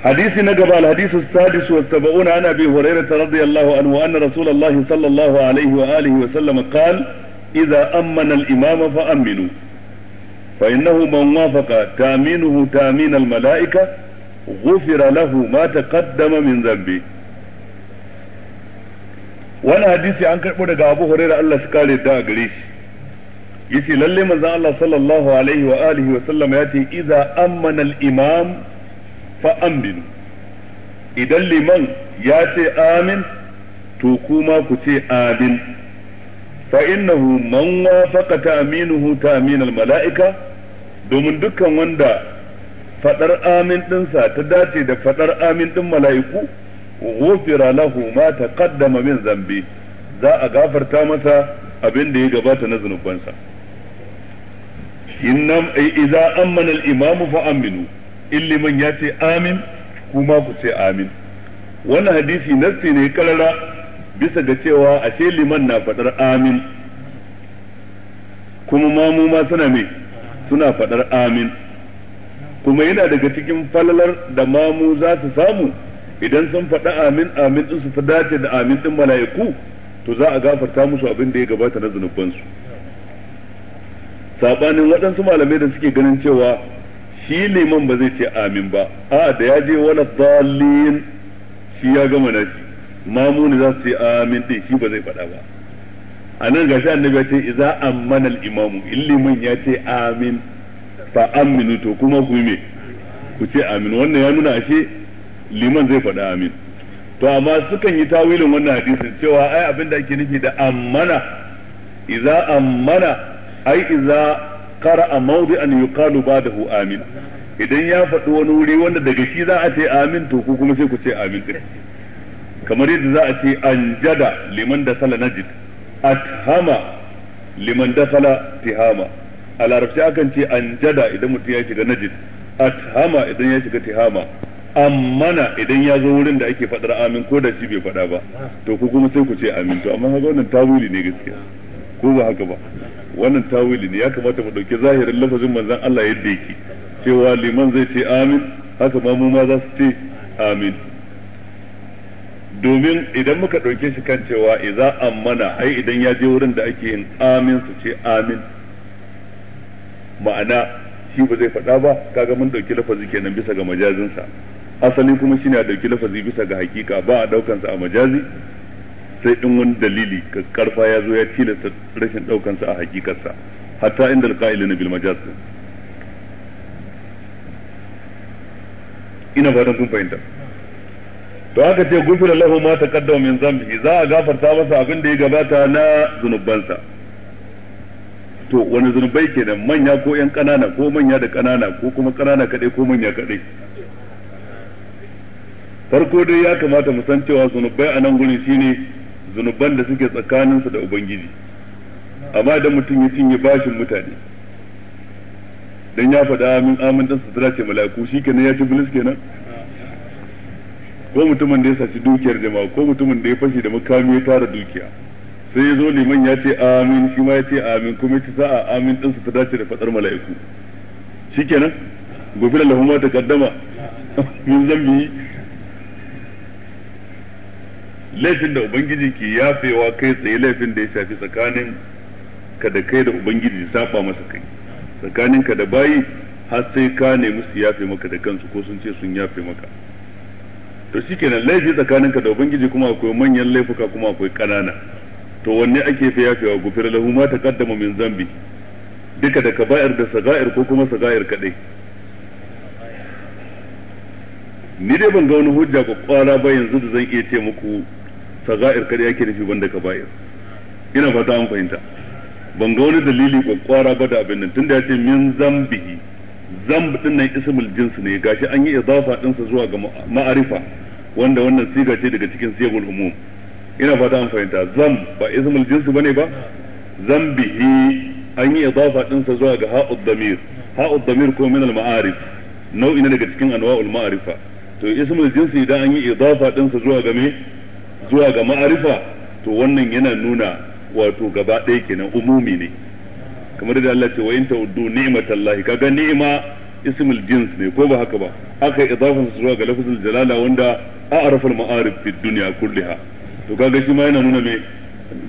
حديث نقب الحديث السادس والسبعون عن ابي هريره رضي الله عنه ان رسول الله صلى الله عليه واله وسلم قال إذا أمن الإمام فأمنوا فإنه من وافق تأمينه تأمين الملائكة غفر له ما تقدم من ذنبه wani hadisi an karɓo daga abu huraira Allah su kare da a gare shi yace lalle manzon Allah sallallahu alaihi wa alihi wa sallam ya ce idza ammana al-imam fa aminu idan liman ya ce amin to kuma ku ce amin fa innahu man wafaqa ta'minuhu ta'min al-mala'ika domin dukkan wanda fadar amin dinsa ta dace da faɗar amin din mala'iku ghufira lahu ma taqaddama min zambi za a gafarta masa abin da ya gabata na zunubansa innam idza amana al-imamu fa aminu illiman yace amin kuma ku ce amin wannan hadisi nassi ne karara bisa ga cewa ashe liman na faɗar amin kuma mamu ma suna me suna faɗar amin kuma yana daga cikin falalar da mamu za su samu idan sun faɗa amin amin din su ta dace da amin din mala'iku to za a gafarta musu abin da ya gabata na zunubansu sabanin waɗansu malamai da suke ganin cewa shi liman ba zai ce amin ba a da ya je wala dalilin shi ya gama nashi mamuni za su yi amin din shi ba zai faɗa ba a nan gashi annabi ya ce iza ammana al-imamu liman ya ce amin fa aminu to kuma ku me ku ce amin wannan ya nuna ashe liman zai faɗa amin to amma sukan yi tawilin wannan hadisin cewa ai abin da ake nufi da ammana iza ammana ai idza qara'a mawdi'an yuqalu ba'dahu amin idan ya faɗi wani wuri wanda daga shi za a ce amin to ku kuma sai ku ce amin din kamar yadda za a ce anjada liman da sala najid athama liman da sala tihama a larabci akan ce anjada idan mutum ya shiga najid athama idan ya shiga tihama ammana idan ya zo wurin da ake faɗar amin ko da shi bai faɗa ba to ku kuma sai ku ce amin to amma haka wannan tawili ne gaskiya ko ba haka ba wannan tawili ne ya kamata mu ɗauki zahirin lafazin manzon Allah yadda yake cewa liman zai ce amin haka ma mu ma za su ce amin domin idan muka ɗauke shi kan cewa iza mana ai idan ya je wurin da ake yin amin su ce amin ma'ana shi ba zai faɗa ba kaga mun ɗauki lafazi kenan bisa ga majazinsa asali kuma shine a ɗauki lafazi bisa ga hakika ba a ɗaukansa a majazi sai in wani dalili ka karfa ya zo ya tilasta rashin ɗaukansa a hakikarsa hatta inda alƙa'ili na bilmajaz ina fatan kun fahimta to haka ce gufira lahu ma taqaddama min zambi za a gafarta masa abin da ya gabata na zunubansa to wani zunubai kenan manya ko yan kanana ko manya da kanana ko kuma kanana kadai ko manya kadai farko dai ya kamata mu san cewa zunubai a nan gurin shine zunuban da suke tsakaninsa da ubangiji amma idan mutum ya cinye bashin mutane dan ya faɗa min amintan su ce mala'iku kenan ya ci bilis kenan ko mutumin da ya saci dukiyar jama'a ko mutumin da ya fashe da makami ya tara dukiya sai ya zo liman ya ce amin shi ma ya ce amin kuma ya ce sa'a amin din su ta dace da fadar mala'iku shikenan da lahu ma kaddama min zambi laifin da ubangiji ke yafewa kai tsaye laifin da ya shafi tsakanin ka da kai da ubangiji saba masa kai tsakanin ka da bayi har sai ka nemi su yafe maka da kansu ko sun ce sun yafe maka to shi kenan laifi tsakaninka da ubangiji kuma akwai manyan laifuka kuma akwai kanana to wanne ake fi wa gufir lahu ma taqaddama min zambi duka da kaba'ir da saga'ir ko kuma saga'ir kadai ni dai ban ga wani hujja ko kwara ba yanzu da zan iya ce muku saga'ir kadai ake nufi banda kaba'ir ina fata an fahimta ban ga wani dalili ko kwara ba da abin nan tunda ya ce min zambihi zamb din nan ismul jins ne gashi an yi idafa din sa zuwa ga ma'arifa wanda wannan siga ce daga cikin sigul umum ina fata an fahimta zan ba ismul jins bane ba zan bihi an yi idafa din sa zuwa ga ha'ud damir ha'ud damir ko min al ma'arif nau'i ne daga cikin anwa'ul ma'arifa to ismul jins idan an yi idafa din sa zuwa ga me zuwa ga ma'arifa to wannan yana nuna wato gaba ɗaya kenan umumi ne kamar da Allah ce wa in ta'uddu kaga ni'ma ismul jins ne ko ba haka ba aka idafan su zuwa ga lafzul jalala wanda a'rafa al-ma'arif fi dunya kulliha to kaga shi ma yana nuna me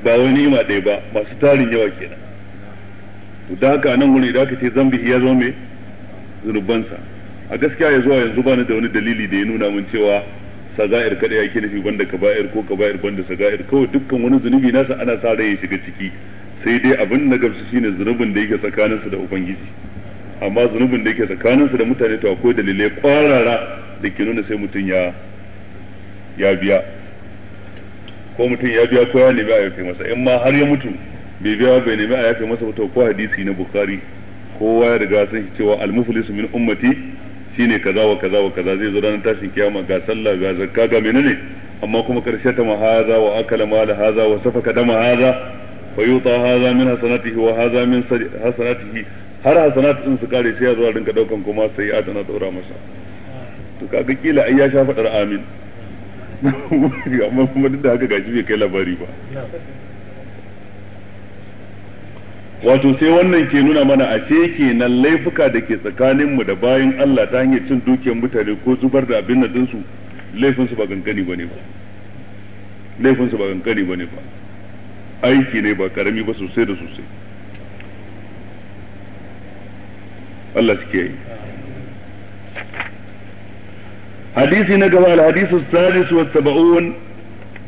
ba wani ni'ima ɗaya ba masu tarin yawa kenan to da haka nan wuri da aka ce zambi ya zama me zunubansa a gaskiya ya zuwa yanzu bani da wani dalili da ya nuna min cewa saga'ir kada yake nufi banda kaba'ir ko kaba'ir banda saga'ir kawai dukkan wani zunubi nasa ana sa rai ya shiga ciki sai dai abin na gamsu shine zunubin da yake su da ubangiji amma zunubin da yake su da mutane to akwai dalilai kwarara da ke nuna sai mutum ya ya biya ko mutum ya biya ko ya nemi a yafe masa in ma har ya mutu bai biya bai nemi a yafe masa to ko hadisi na bukhari kowa ya riga san shi cewa almuflisu min ummati shine kaza wa kaza wa kaza zai zo ranar tashin kiyama ga sallah ga zakka ga menene amma kuma karshe ta mahaza wa akala mala haza wa safaka dama haza فيوطى هذا من حسناته وهذا من حسناته min حسنات har hasanat din su kare sai كما سيئات انا دورا kuma sai ya tana daura masa to kaga kila ai ya sha fadar amin amma kuma duk da haka gashi bai kai labari ba wato sai wannan ke nuna mana a ce ke nan laifuka da ke tsakaninmu da bayan Allah ta hanyar cin dukiyar mutane ko zubar da abin nan laifinsu ba kankani ba ne ba laifinsu ba gangani ba ne ba aiki ne ba karami ba sosai da sosai Allah shi ke hadisi na gaba al-hadisu sadis wa sab'un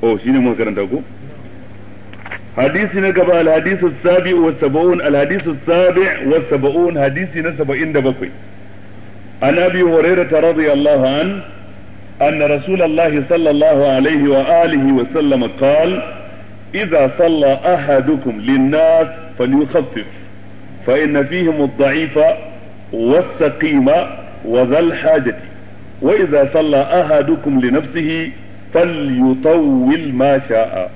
oh shine mun karanta ko hadisi na gaba al-hadisu sabi wa sab'un al-hadisu sabi wa sab'un hadisi na 77 an abi hurairah radiyallahu anhu أن رسول الله صلى الله عليه وآله وسلم قال إذا صلى أحدكم للناس فليخفف فإن فيهم الضعيف والسقيم وذا الحاجة وإذا صلى أحدكم لنفسه فليطول ما شاء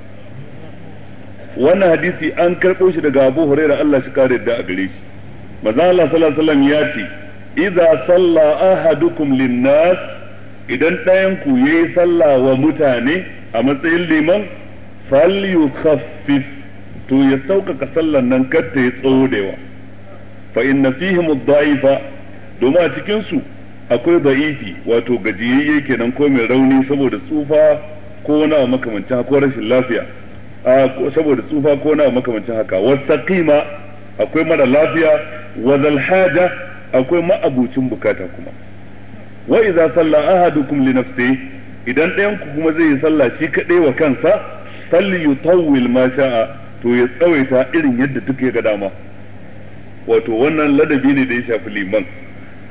wannan hadisi an karɓo shi daga Abu Huraira Allah shi kare da a gare shi manzo Allah sallallahu alaihi wasallam ya ce idza salla ahadukum linnas idan ɗayanku ku yayi wa mutane a matsayin liman falyukhaffif to ya sauƙaƙa sallan nan kar ta yi tsawo da yawa fa inna fihim ad-da'ifa domin a cikin su akwai da'ifi wato gajiyayye kenan ko mai rauni saboda tsufa ko na makamancin haka ko rashin lafiya saboda tsufa ko na makamancin haka wasaqima akwai mara lafiya wa haja akwai ma'abucin bukata kuma wa idza salla ahadukum li nafsihi idan ɗayan ku kuma zai yi sallah shi kaɗai wa kansa falyutawwil ma sha'a to ya tsawaita irin yadda duk ya ga dama wato wannan ladabi ne da ya shafi liman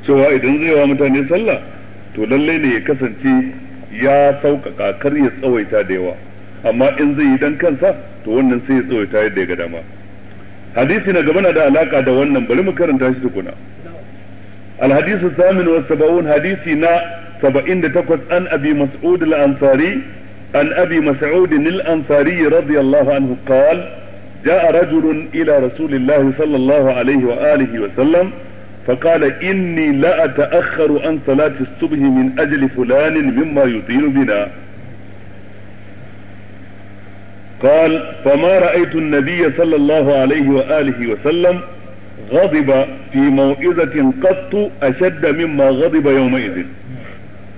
cewa idan zai wa mutane sallah to lalle ne ya kasance ya sauƙaƙa kar ya tsawaita da yawa amma in zai yi dan kansa to wannan sai ya tsawaita yadda ya ga dama hadisi na gaba na da alaka da wannan bari mu karanta shi tukuna الحديث الثامن والسبعون حديثنا سبعين takwas عن أبي مسعود الأنصاري عن ابي مسعود الانصاري رضي الله عنه قال جاء رجل الى رسول الله صلى الله عليه واله وسلم فقال اني لاتاخر عن صلاه الصبح من اجل فلان مما يطيل بنا قال فما رايت النبي صلى الله عليه واله وسلم غضب في موعظه قط اشد مما غضب يومئذ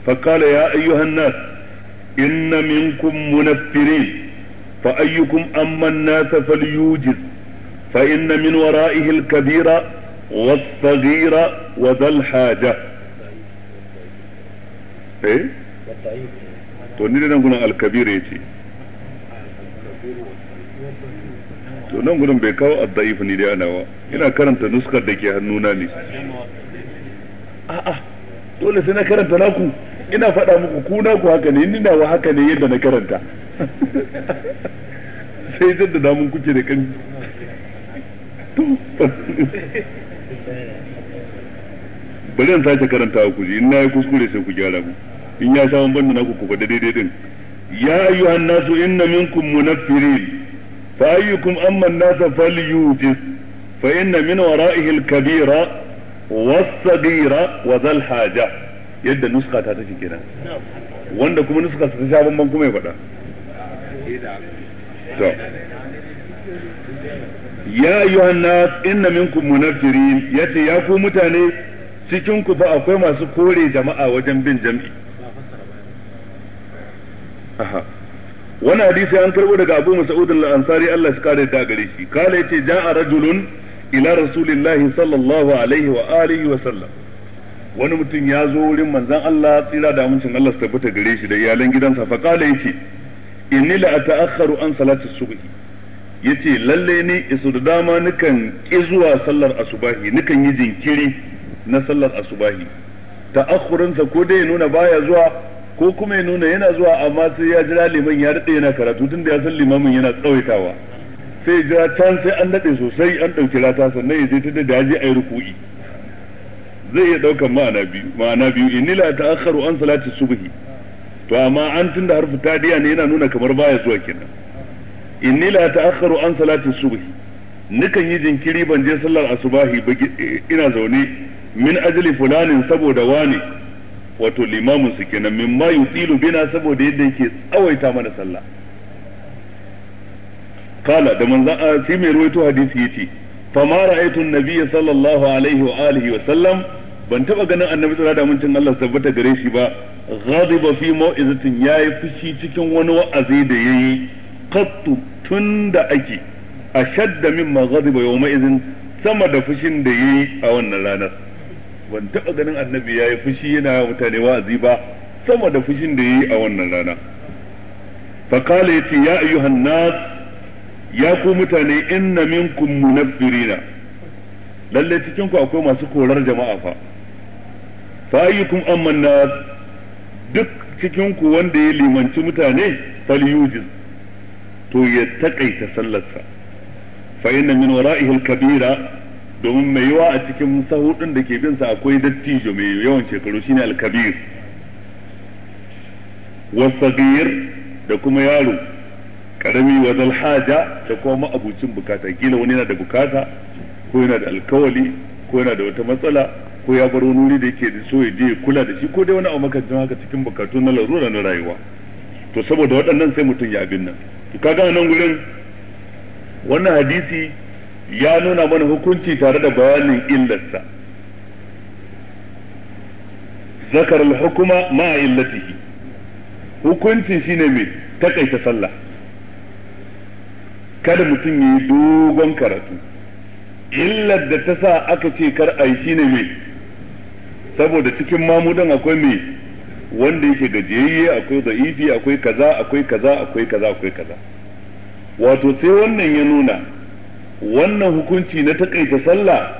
فقال يا ايها الناس إن منكم منفرين فأيكم أما الناس فليوجد فإن من ورائه الكبير والصغير وذا الحاجة إيه؟ تونيني نقول الكبير يجي to nan gudun bai kawo addaifu ne dai a nawa ina karanta nuskar da ke hannuna ne a'a dole sai na karanta naku ina faɗa muku kuna ku haka ne ni wa haka ne yadda na karanta sai jaddada damun kuke da kan bari in sake karanta ku ji in na yi kuskure sai ku gyara mu in ya sha banda naku ku faɗa daidai din ya ayu annasu inna minkum munaffirin fa ayyukum amma an-nasa falyutis fa inna min wara'ihi al-kabira was-saghira wa dhal-hajah yadda nuska ta take kenan wanda kuma nuska ta sha bamban kuma ya faɗa ya ayyuhan nas inna minkum munafirin ce ya ku mutane cikin ku fa akwai masu kore jama'a wajen bin jam'i wani hadisi an karbo daga Abu Mas'ud al-Ansari Allah shi kare da gare shi kale yace ja'a rajulun ila rasulillahi sallallahu alaihi wa alihi wa sallam wani mutum ya zo wurin manzon Allah tsira da amincin Allah su tabbata gare shi da iyalan gidansa fa kala yace inni la ata'akhkharu an salati subhi yace lalle ni isu da dama nukan ki zuwa sallar asubahi nukan yi jinkiri na sallar asubahi ta'akhurunsa ko dai nuna baya zuwa ko kuma ya nuna yana zuwa amma sai ya jira liman ya daɗe yana karatu tun da ya san limamin yana tsawaitawa sai jira can sai an daɗe sosai an ɗauki rata sannan ya je ta da daji a yi ruku'i zai iya daukan ma'ana biyu ma'ana biyu inni la ta'akharu an salati subhi to amma an tunda harfu tadiya ne yana nuna kamar baya zuwa kenan inni la ta'akharu an salati subhi nikan yi jinkiri ban je sallar asubahi ba ina zaune min ajli fulanin saboda wani wato limamin su kenan min ma yutilu bina saboda yadda yake tsawaita mana sallah kala da manzon sai mai ruwaito hadisi yace fa ma ra'aytu an-nabiy sallallahu alaihi wa alihi wa sallam ban taba ganin annabi tsira da mincin Allah tabbata gare shi ba ghadiba fi mau'izatin yayi fushi cikin wani wa'azi da yayi qattu tunda ake ashadda mimma ghadiba yawma idhin sama da fushin da yayi a wannan ranar ban taba ganin annabi yayi fushi yana mutane wa'azi ba sama da fushin da yayi a wannan rana fa qala yati ya ayyuhan nas ya ku mutane inna minkum munabbirina lalle cikin ku akwai masu korar jama'a fa fa ayyukum amman nas duk cikin ku wanda ya limanci mutane falyujiz to ya takaita sallarsa fa inna min wara'ihi al-kabira domin mai yawa a cikin din da ke bin sa akwai dattijo mai yawan shekaru shine al-kabir wasagir da kuma yaro karami wa zal haja da kuma ma'abucin bukata kila wani yana da bukata ko yana da alkawali ko yana da wata matsala ko ya bar wani wuri da yake da so ya je kula da shi ko dai wani abu makarantar haka cikin bukatu na larura na rayuwa to saboda waɗannan sai mutum ya abin nan to kaga nan gurin wannan hadisi ya nuna mana hukunci tare da bayanin illarsa zakar al-hukuma ma illatihi hukunci shine mai takaita sallah kada mutum ya yi dogon karatu illar da ta sa aka ce kar a yi shi ne mai saboda cikin mamudan akwai mai wanda yake gajiyayye akwai za'ifi akwai kaza akwai kaza akwai kaza akwai kaza wato sai wannan ya nuna wannan hukunci na takaita sallah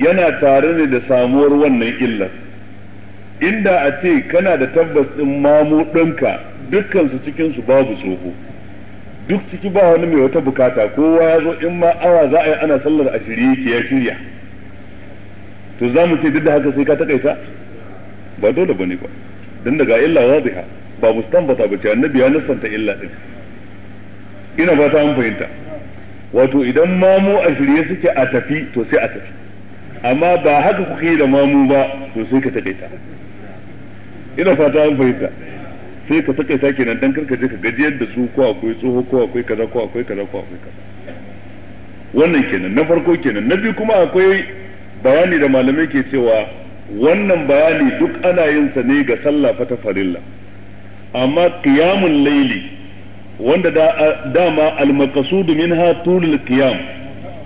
yana tare ne da samuwar wannan illar inda a ce kana da tabbas ɗin mamu ɗinka dukkansu cikinsu babu tsoho duk ciki ba wani mai wata bukata kowa ya zo in ma awa za a yi ana sallar a shirye ke ya shirya to za mu ce duk da haka sai ka takaita ba dole ba ne ba don daga illa wadiha ba mu mustanbata ba ce annabi ya nassanta illa din ina ba ta an fahimta wato idan mamu a shirye suke a tafi to sai a tafi amma ba haka kuke da mamu ba to sai ka takaita ina fata an fahimta sai ka saka sake kenan dan karka je ka gajiyar da su ko akwai tsoho ko akwai kaza ko akwai kaza ko akwai kaza wannan kenan na farko kenan na biyu kuma akwai bayani da malamai ke cewa wannan bayani duk ana yin sa ne ga sallah fata farilla amma qiyamul layli wanda da dama al maqsud minha tulul qiyam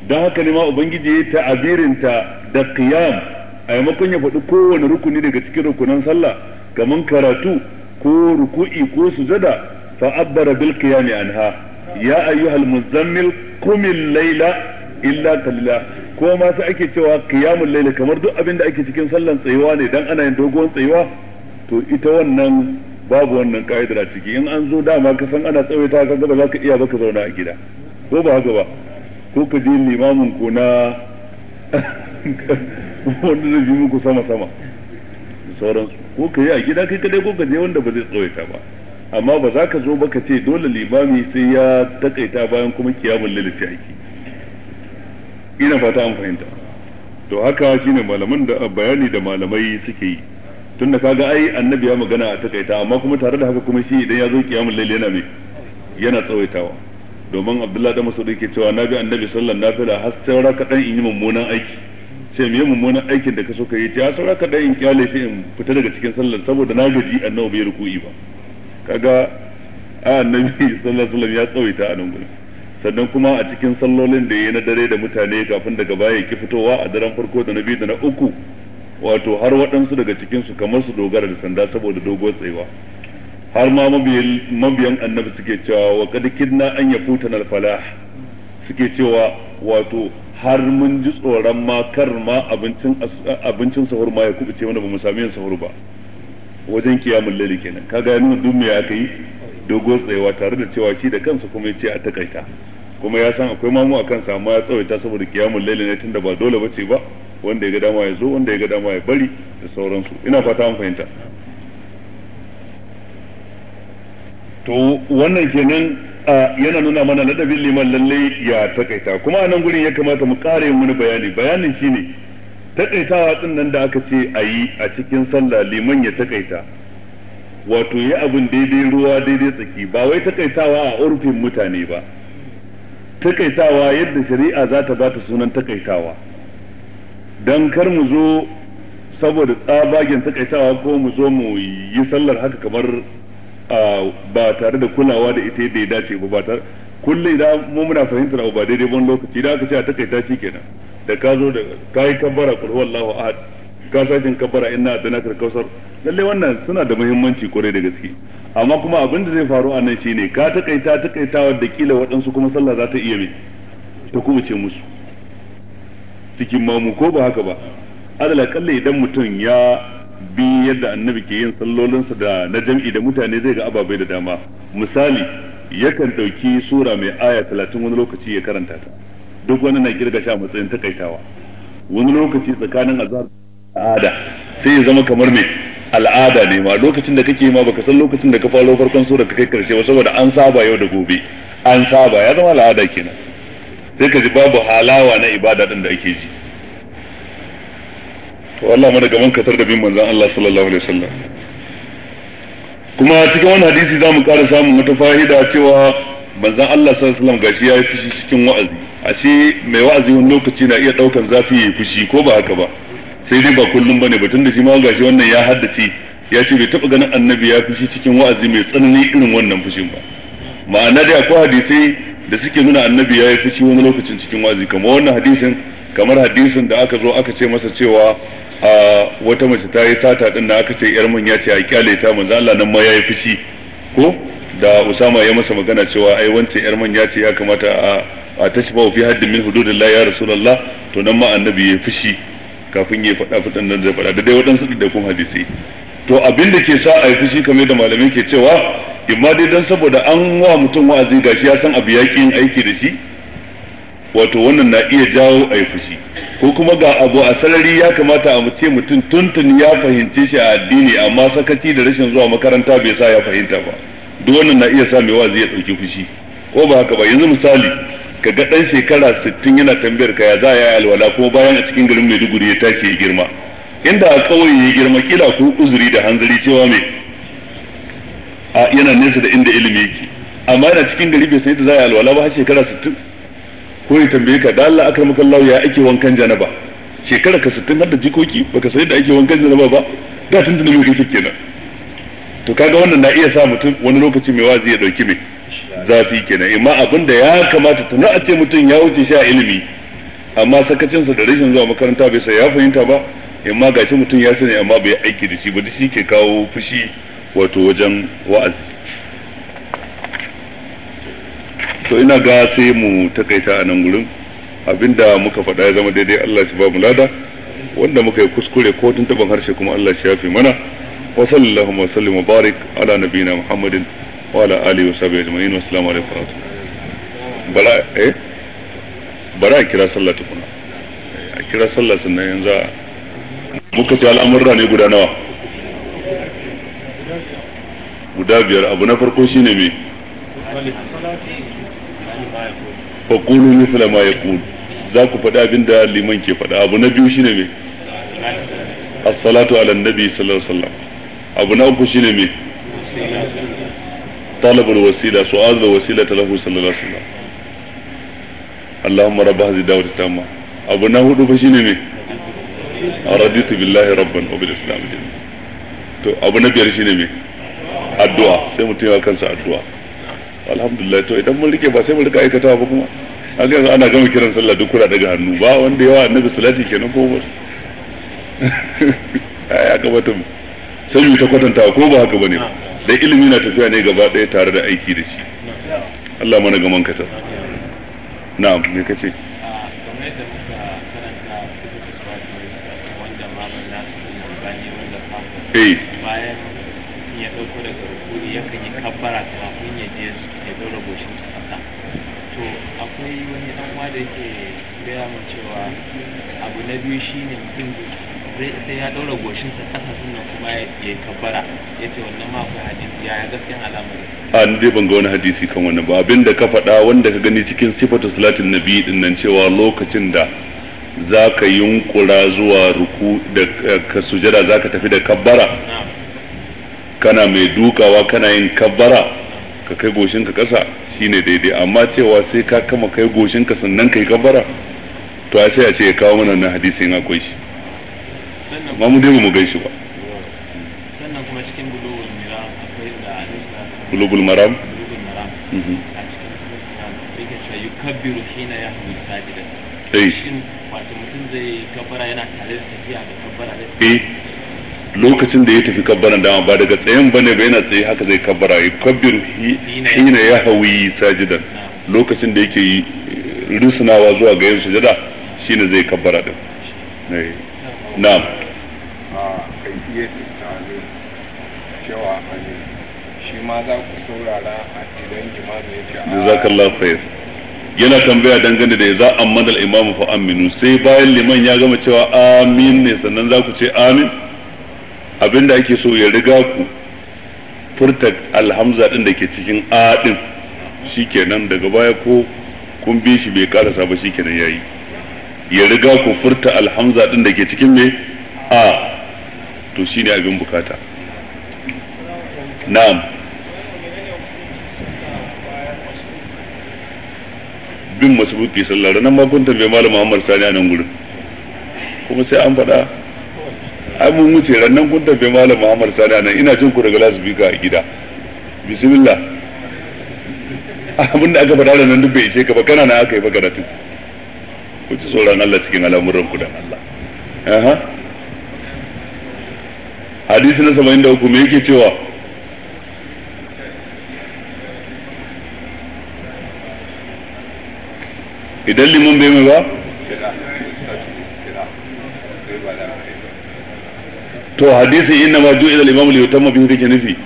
dan haka ne ma ubangiji ya yi ta da qiyam a maimakon ya faɗi kowane rukuni daga cikin rukunan sallah kaman karatu ko ruku'i ko sujada fa abbara bil qiyam anha ya ayyuhal muzammil qum al-layla illa qalila ko ma sai ake cewa qiyamul layl kamar duk abin da ake cikin sallan tsayuwa ne dan ana yin dogon tsayuwa to ita wannan babu wannan ka'idar a ciki in an zo dama ka san ana ta ka gaba za ka iya baka zauna a gida ko ba haka ba ko ka je limamin ku na wanda zai yi muku sama sama sauransu ko ka yi a gida kai kadai ko ka je wanda ba zai tsawaita ba amma ba za ka zo ba ka ce dole limami sai ya takaita bayan kuma kiyamun lalace aiki ina fata an fahimta to haka shine malaman da bayani da malamai suke yi tun da kaga ai annabi ya magana a takaita amma kuma tare da haka kuma shi idan ya zo kiyamun lalace yana mai yana tsawaitawa domin abdullahi da masudi ke cewa na bi annabi sallan na har hasken raka dan in yi mummunan aiki sai me mummunan aikin da ka so ka yi ya saura ka in kyale shi in fita daga cikin sallar saboda na gaji annabi bai ruku'i ba kaga a annabi sallallahu alaihi wasallam ya tsawaita a nan gurin sannan kuma a cikin sallolin da yi na dare da mutane kafin daga baya ya ki fitowa a daren farko da na biyu da na uku wato har waɗansu daga cikinsu kamar su dogara da sanda saboda doguwar tsayuwa har ma mabiyan annabi suke cewa wa kadikin na an yafuta falah suke cewa wato har mun ji tsoron ma kar ma abincin abincin sahur ma ya kubuce wanda ba mu sami yin sahur ba wajen kiyamun lalle kenan kaga nuna duk me aka yi dogon tsayawa tare da cewa shi da kansa kuma ya ce a takaita kuma ya san akwai mamu a kansa amma ya tsawaita saboda kiyamun lalle ne tunda ba dole ba ce ba wanda ya ga dama ya zo wanda ya ga dama ya bari da sauransu ina fata an fahimta to wannan kenan yana nuna mana ladabin liman lalle ya takaita kuma a nan gurin ya kamata mu kare yin wani bayani bayanin shine takaitawa din nan da aka ce a yi a cikin sallah liman ya takaita wato ya abin daidai ruwa daidai tsaki ba wai takaitawa a urfin mutane ba takaitawa yadda shari'a za ta bata sunan takaitawa dan kar mu zo saboda tsabagen takaitawa ko mu zo mu yi sallar haka kamar ba tare da kulawa da ita yadda ya dace ba ba tare kulle idan mu muna fahimtar abu ba daidai ban lokaci idan aka ce a takaita shi kenan da ka zo da ka yi kabbara kul huwallahu ahad ka sajin kabbara inna adanakar kausar lalle wannan suna da muhimmanci kwarai da gaske amma kuma abin da zai faru a nan shine ka takaita takaitawa da kila waɗansu kuma sallah za ta iya mai ta kuma musu cikin mamu ko ba haka ba adala kalle idan mutum ya bi yadda annabi ke yin sallolinsa da na jam'i da mutane zai ga ababai da dama misali yakan ɗauki sura mai aya talatin wani lokaci ya karanta ta duk wani na kirga sha matsayin takaitawa wani lokaci tsakanin azhar al'ada sai ya zama kamar mai al'ada ne ma lokacin da kake ma baka san lokacin da ka faro farkon sura ka kai karshe ba saboda an saba yau da gobe an saba ya zama al'ada kenan sai ka ji babu halawa na ibada din da ake ji to Allah mana gaban katar da bin manzon Allah sallallahu alaihi wasallam kuma cikin wani hadisi zamu mu ƙara samun wata fa'ida cewa manzon Allah sallallahu alaihi wasallam gashi ya yi fushi cikin wa'azi ashe mai wa'azi wani lokaci na iya ɗaukan zafi ya yi fushi ko ba haka ba sai dai ba kullum bane ba da shi ma gashi wannan ya haddace ya ce bai taba ganin annabi ya fushi cikin wa'azi mai tsanani irin wannan fushin ba ma'ana dai akwai hadisai da suke nuna annabi ya yi fushi wani lokacin cikin wa'azi kamar wannan hadisin kamar hadisin da aka zo aka ce masa cewa a wata mace ta yi sata din da aka ce yar mun ya ce a kyale ta manzo Allah nan ma yayi fushi ko da Usama ya masa magana cewa ai wance yar mun ya ce ya kamata a a tashfa fi haddin min hududillah ya rasulullah to nan ma annabi ya fushi kafin ya faɗa fitan nan zai faɗa da dai waɗansu da kuma hadisi to abin da ke sa a yi fushi kamar da malamai ke cewa imma dai dan saboda an wa mutum wa'azi gashi ya san abu yaƙin aiki da shi wato wannan na iya jawo a yi fushi ko kuma ga abu a sarari ya kamata a mace mutum tuntun ya fahimce shi a addini amma sakaci da rashin zuwa makaranta bai sa ya fahimta ba duk wannan na iya sa mai wazi ya dauki fushi ko ba haka ba yanzu misali ka ga ɗan shekara sittin yana tambayar ka ya za ya alwala kuma bayan a cikin garin maiduguri ya tashi ya girma inda a kauye ya girma kila ko uzuri da hanzari cewa me a yana nesa da inda ilimi yake amma yana cikin gari bai san yadda za ya alwala ba har shekara sittin ko ya tambaye ka da Allah akramaka kallahu ya ake wankan janaba shekara ka 60 har da jikoki baka san da ake wankan janaba ba da tun da mai kake nan to kaga wannan na iya sa mutum wani lokaci mai wazi ya dauki mai zafi kenan amma abin da ya kamata tuna a ce mutum ya wuce shi a ilimi amma sakacinsa da rashin zuwa makaranta bai sai ya fahimta ba amma gashi mutum ya sani amma bai aiki da shi ba shi ke kawo fushi wato wajen wa'azi to ina ga sai mu takaita a nan gurin abinda muka faɗa ya zama daidai Allah shi ba mu lada wanda muka yi kuskure ko tun taban harshe kuma Allah shi ya fi mana wa sallallahu wa sallim wa barik ala nabiyina Muhammadin wa ala alihi wa sahbihi ajma'in wa assalamu alaikum wa bara eh bara kira sallah tukuna a kira sallah sannan yanzu muka ce al'amurra ne guda nawa guda biyar abu na farko shine me fa qulu mithla ma yaqul za ku faɗi abin da liman ke faɗa abu na biyu shine me as-salatu ala nabi sallallahu alaihi wasallam abu na uku ne me Talabar wasila su su'alul wasila lahu sallallahu alaihi wasallam اللهم رب هذه الدعوة التامة أبو نهود فشيني رضيت بالله ربا وبالإسلام دينا to abu na biyar ne me addu'a sai mutum ya kansa addu'a alhamdulillah to idan mun rike ba sai mun rika aikatawa ba kuma a yanzu ana gama kiran sallah duk kura daga hannu ba wanda yawa annabi salati kenan ko ba ya kamata sai mu ta kwatanta ko ba haka bane da ilimi na tafiya ne gaba ɗaya tare da aiki da shi Allah mana gaman ta na'am me kace eh. bayan ya ɗauko daga rukuni yakan yi kabbara kafin ya je su ɗaura goshin ta ƙasa to akwai wani ɗan uwa da yake gaya min cewa abu na biyu shine mutum sai ya ɗaura goshinsa ƙasa sannan kuma ya yi kabbara ya ce wannan ma akwai hadisi ya ya gaskiyan al'amari a ni dai ban ga wani hadisi kan wannan ba abin da ka faɗa wanda ka gani cikin sifatu salatin nabi din nan cewa lokacin da za ka yunkura zuwa ruku da ka sujada za ka tafi da kabbara kana mai dukawa kana yin kabbara ka kai goshinka ƙasa kasa shine daidai amma cewa sai ka kama kai goshin ka sannan kai kabara to a sai a ce ya kawo mana nan hadisin akwai shi amma mu dai mu gan shi ba sannan kuma cikin bulugul maram akwai da bulugul maram mhm. a cikin cewa yukabbiru hina yahmi sajidan shin wato mutum zai kabbara yana tare da tafiya da kabbara da lokacin da ya tafi kabbara dama ba daga tsayin bane ba yana tsaye haka zai kabbara ya kabbir hina ya hawi sajidan lokacin da yake rusunawa zuwa ga yin sujada shine zai kabbara din eh. na'am jazakallahu khair yana tambaya dangane da za amma dal imamu fa aminu sai bayan liman ya gama cewa amin ne sannan za ku ce amin abinda ake so ya riga ku furta alhamza din da ke cikin a din shikenan daga baya ko kun bi shi bai karasa ba shikenan yayi ya riga ku furta alhamza din da ke cikin me a to shine abin bukata na'am bin masu sallar sallah ranar kun tambaye malam Muhammad Sani a nan gurin kuma sai an faɗa ai mun wuce rannan kun tafi malam Muhammad Sani nan ina jin ku daga lasbika a gida bismillah abinda aka faɗa da nan duk bai ishe ka ba kana na aka yi magana tun ku ci tsoron Allah cikin al'amuran ku da Allah aha hadisi na 73 me yake cewa idan liman bai mai ba to hadisi inna ma ju'i al-imam li yutamma bihi kake nufi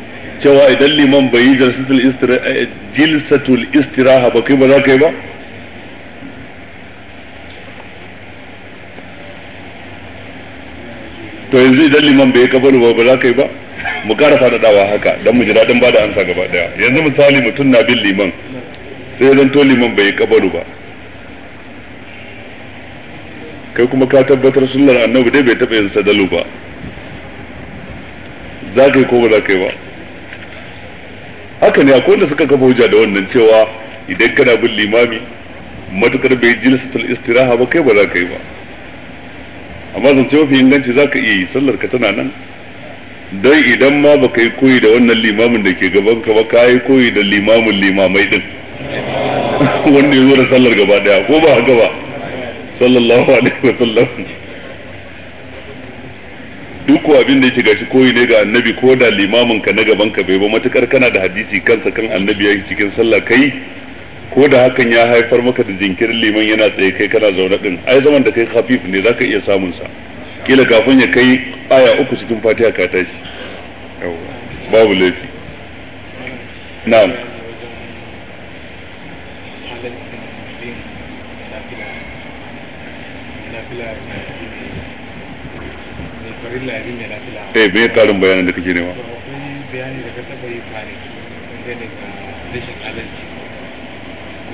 cewa idan liman bai yi jalsatul istiraha eh, jilsatul istiraha ba kai ba za ka yi ba to yanzu idan liman bai kabalu ba ba za ka yi ba mu ƙara faɗaɗawa haka dan mu ji daɗin ba da ansa gaba daya yanzu misali mutum na bin liman sai zan to liman bai kabalu ba kai kuma ka tabbatar sunnar annabi dai bai taɓa yin sadalu ba za ka yi ko ba za ka yi ba haka ne akwai da suka kafa hujja da wannan cewa idan kana bin limami matukar bai jilsatul istiraha ba kai ba za ka yi ba amma ce mafi inganci za ka iya yi sallar ka tana nan don idan ma ba ka yi koyi da wannan limamin da ke gaban ka ba ka yi koyi da limamin limamai din wanda ya zo da sallar gaba daya ko ba haka ba sallallahu alaihi wa sallam duk ko abin da yake gashi koyi ne ga annabi ko da limamin ka na gaban ka bai ba matukar kana da hadisi kansa kan annabi yake cikin sallah kai ko da hakan ya haifar maka da jinkirin liman yana tsaye kai kana zaune din ai zaman da kai khafif ne zaka iya samun sa kila kafin ya kai aya uku cikin fatiha ka tashi babu laifi na'am eh karin bayanin da kake nema bayani da ka taba yi rashin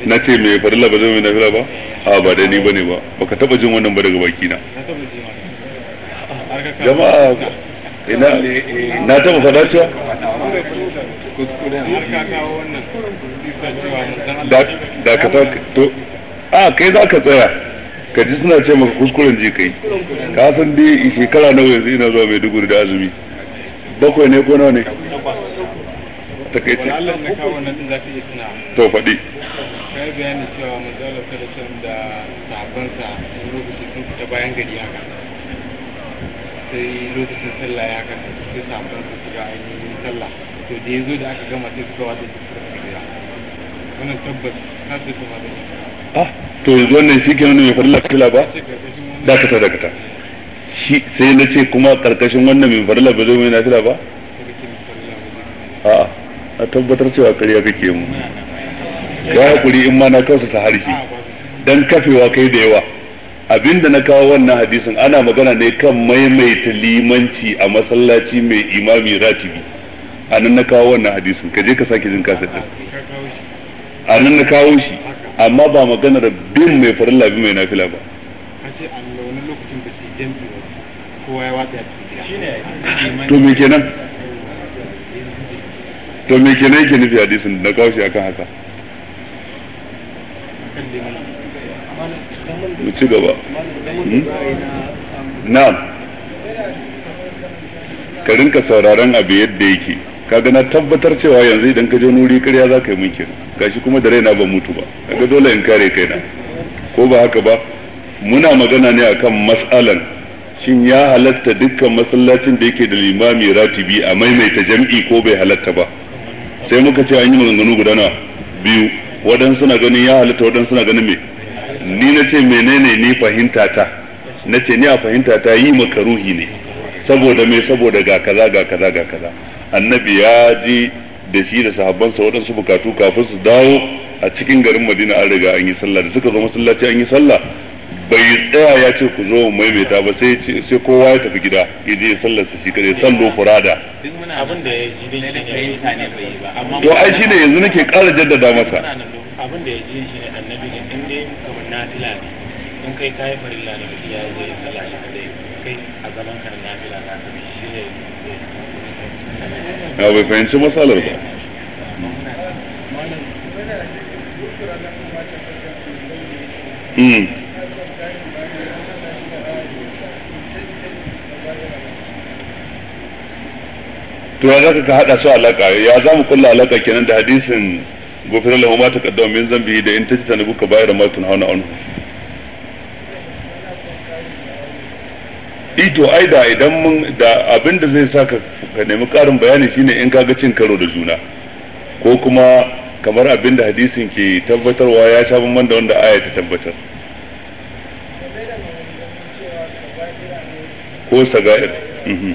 na ce mai farilla ba zai mai nafila ba eh. a ba da ni ba baka taba jin wannan ba daga baki na na taba faɗa cewa da a kai za ka tsaya ka ji suna ce maka kuskuren je kai ka san dai shekara nawa yanzu ina zuwa mai duguri da azumi bakwai ne ko nawa ne takaice to faɗi kai bayani cewa manzala sallallahu da sahabbansa lokaci sun fita bayan gari haka sai lokacin sallah ya haka sai su ga da aka gama sai suka wata suka tafi wannan tabbas kasu kuma da Ah, to yanzu wannan shi ke nuna mai farilla fitila ba dakata dakata shi sai na ce kuma karkashin wannan mai farilla ba zai mai nafila ba a'a a tabbatar cewa ƙarya kake mu ya hakuri in ma na kausa sa harshe dan kafewa kai da yawa abinda na kawo wannan hadisin ana magana ne kan maimaita limanci a masallaci mai imami ratibi a nan na kawo wannan hadisin ka je ka sake jin kasa din a nan na kawo shi amma ba maganar bin mai farin labi mai nafila ba to me kenan to me kenan yake nufi hadisin da kawo shi kan haka mu ci gaba hmm? na ka rinka sauraron abu yadda yake kaga na tabbatar cewa yanzu idan ka je nuri ƙarya za ka yi mun kenan gashi kuma da raina ban mutu ba kaga dole in kare kai na ko ba haka ba muna magana ne akan mas'alan shin ya halatta dukkan masallacin da yake da limami ratibi a maimaita jam'i ko bai halatta ba sai muka ce an yi maganganu guda na biyu waɗansu suna ganin ya halatta waɗansu suna ganin me ni na ce menene ni fahimta ta na ce ni a fahimta ta yi makaruhi ne saboda me saboda ga kaza ga kaza ga kaza annabi ya ji da shi da sahabbansa waɗansu bukatu kafin su dawo a cikin garin madina an riga an yi sallah da suka zo masallaci an yi sallah bai tsaya ya ce ku zo maimaita ba sai sai kowa ya tafi gida ya je sallar sa shi kare sallo furada abin da ya ji ne bai ba amma to ai shine yanzu nake ƙara jaddada masa abin da ya ji shi ne annabi ne in dai kamar nafila ne in kai kai farilla ne ya je sallah shi kai a zaman kan nafila na ka shi ne a bai fahimci matsalar ba tuwa za ka ka hada su alaka ya za mu kulla alaka kenan da hadisin gofirar lamama ta min zambi da in ta ci ta ka bayar da martin hauna anhu ito eh ai da idan mun da abin da zai sa ka nemi karin bayani shine in kaga cin karo da juna ko kuma kamar abin da hadisin ke tabbatarwa ya sha bamban da wanda aya ta tabbatar ko saga'ir mhm.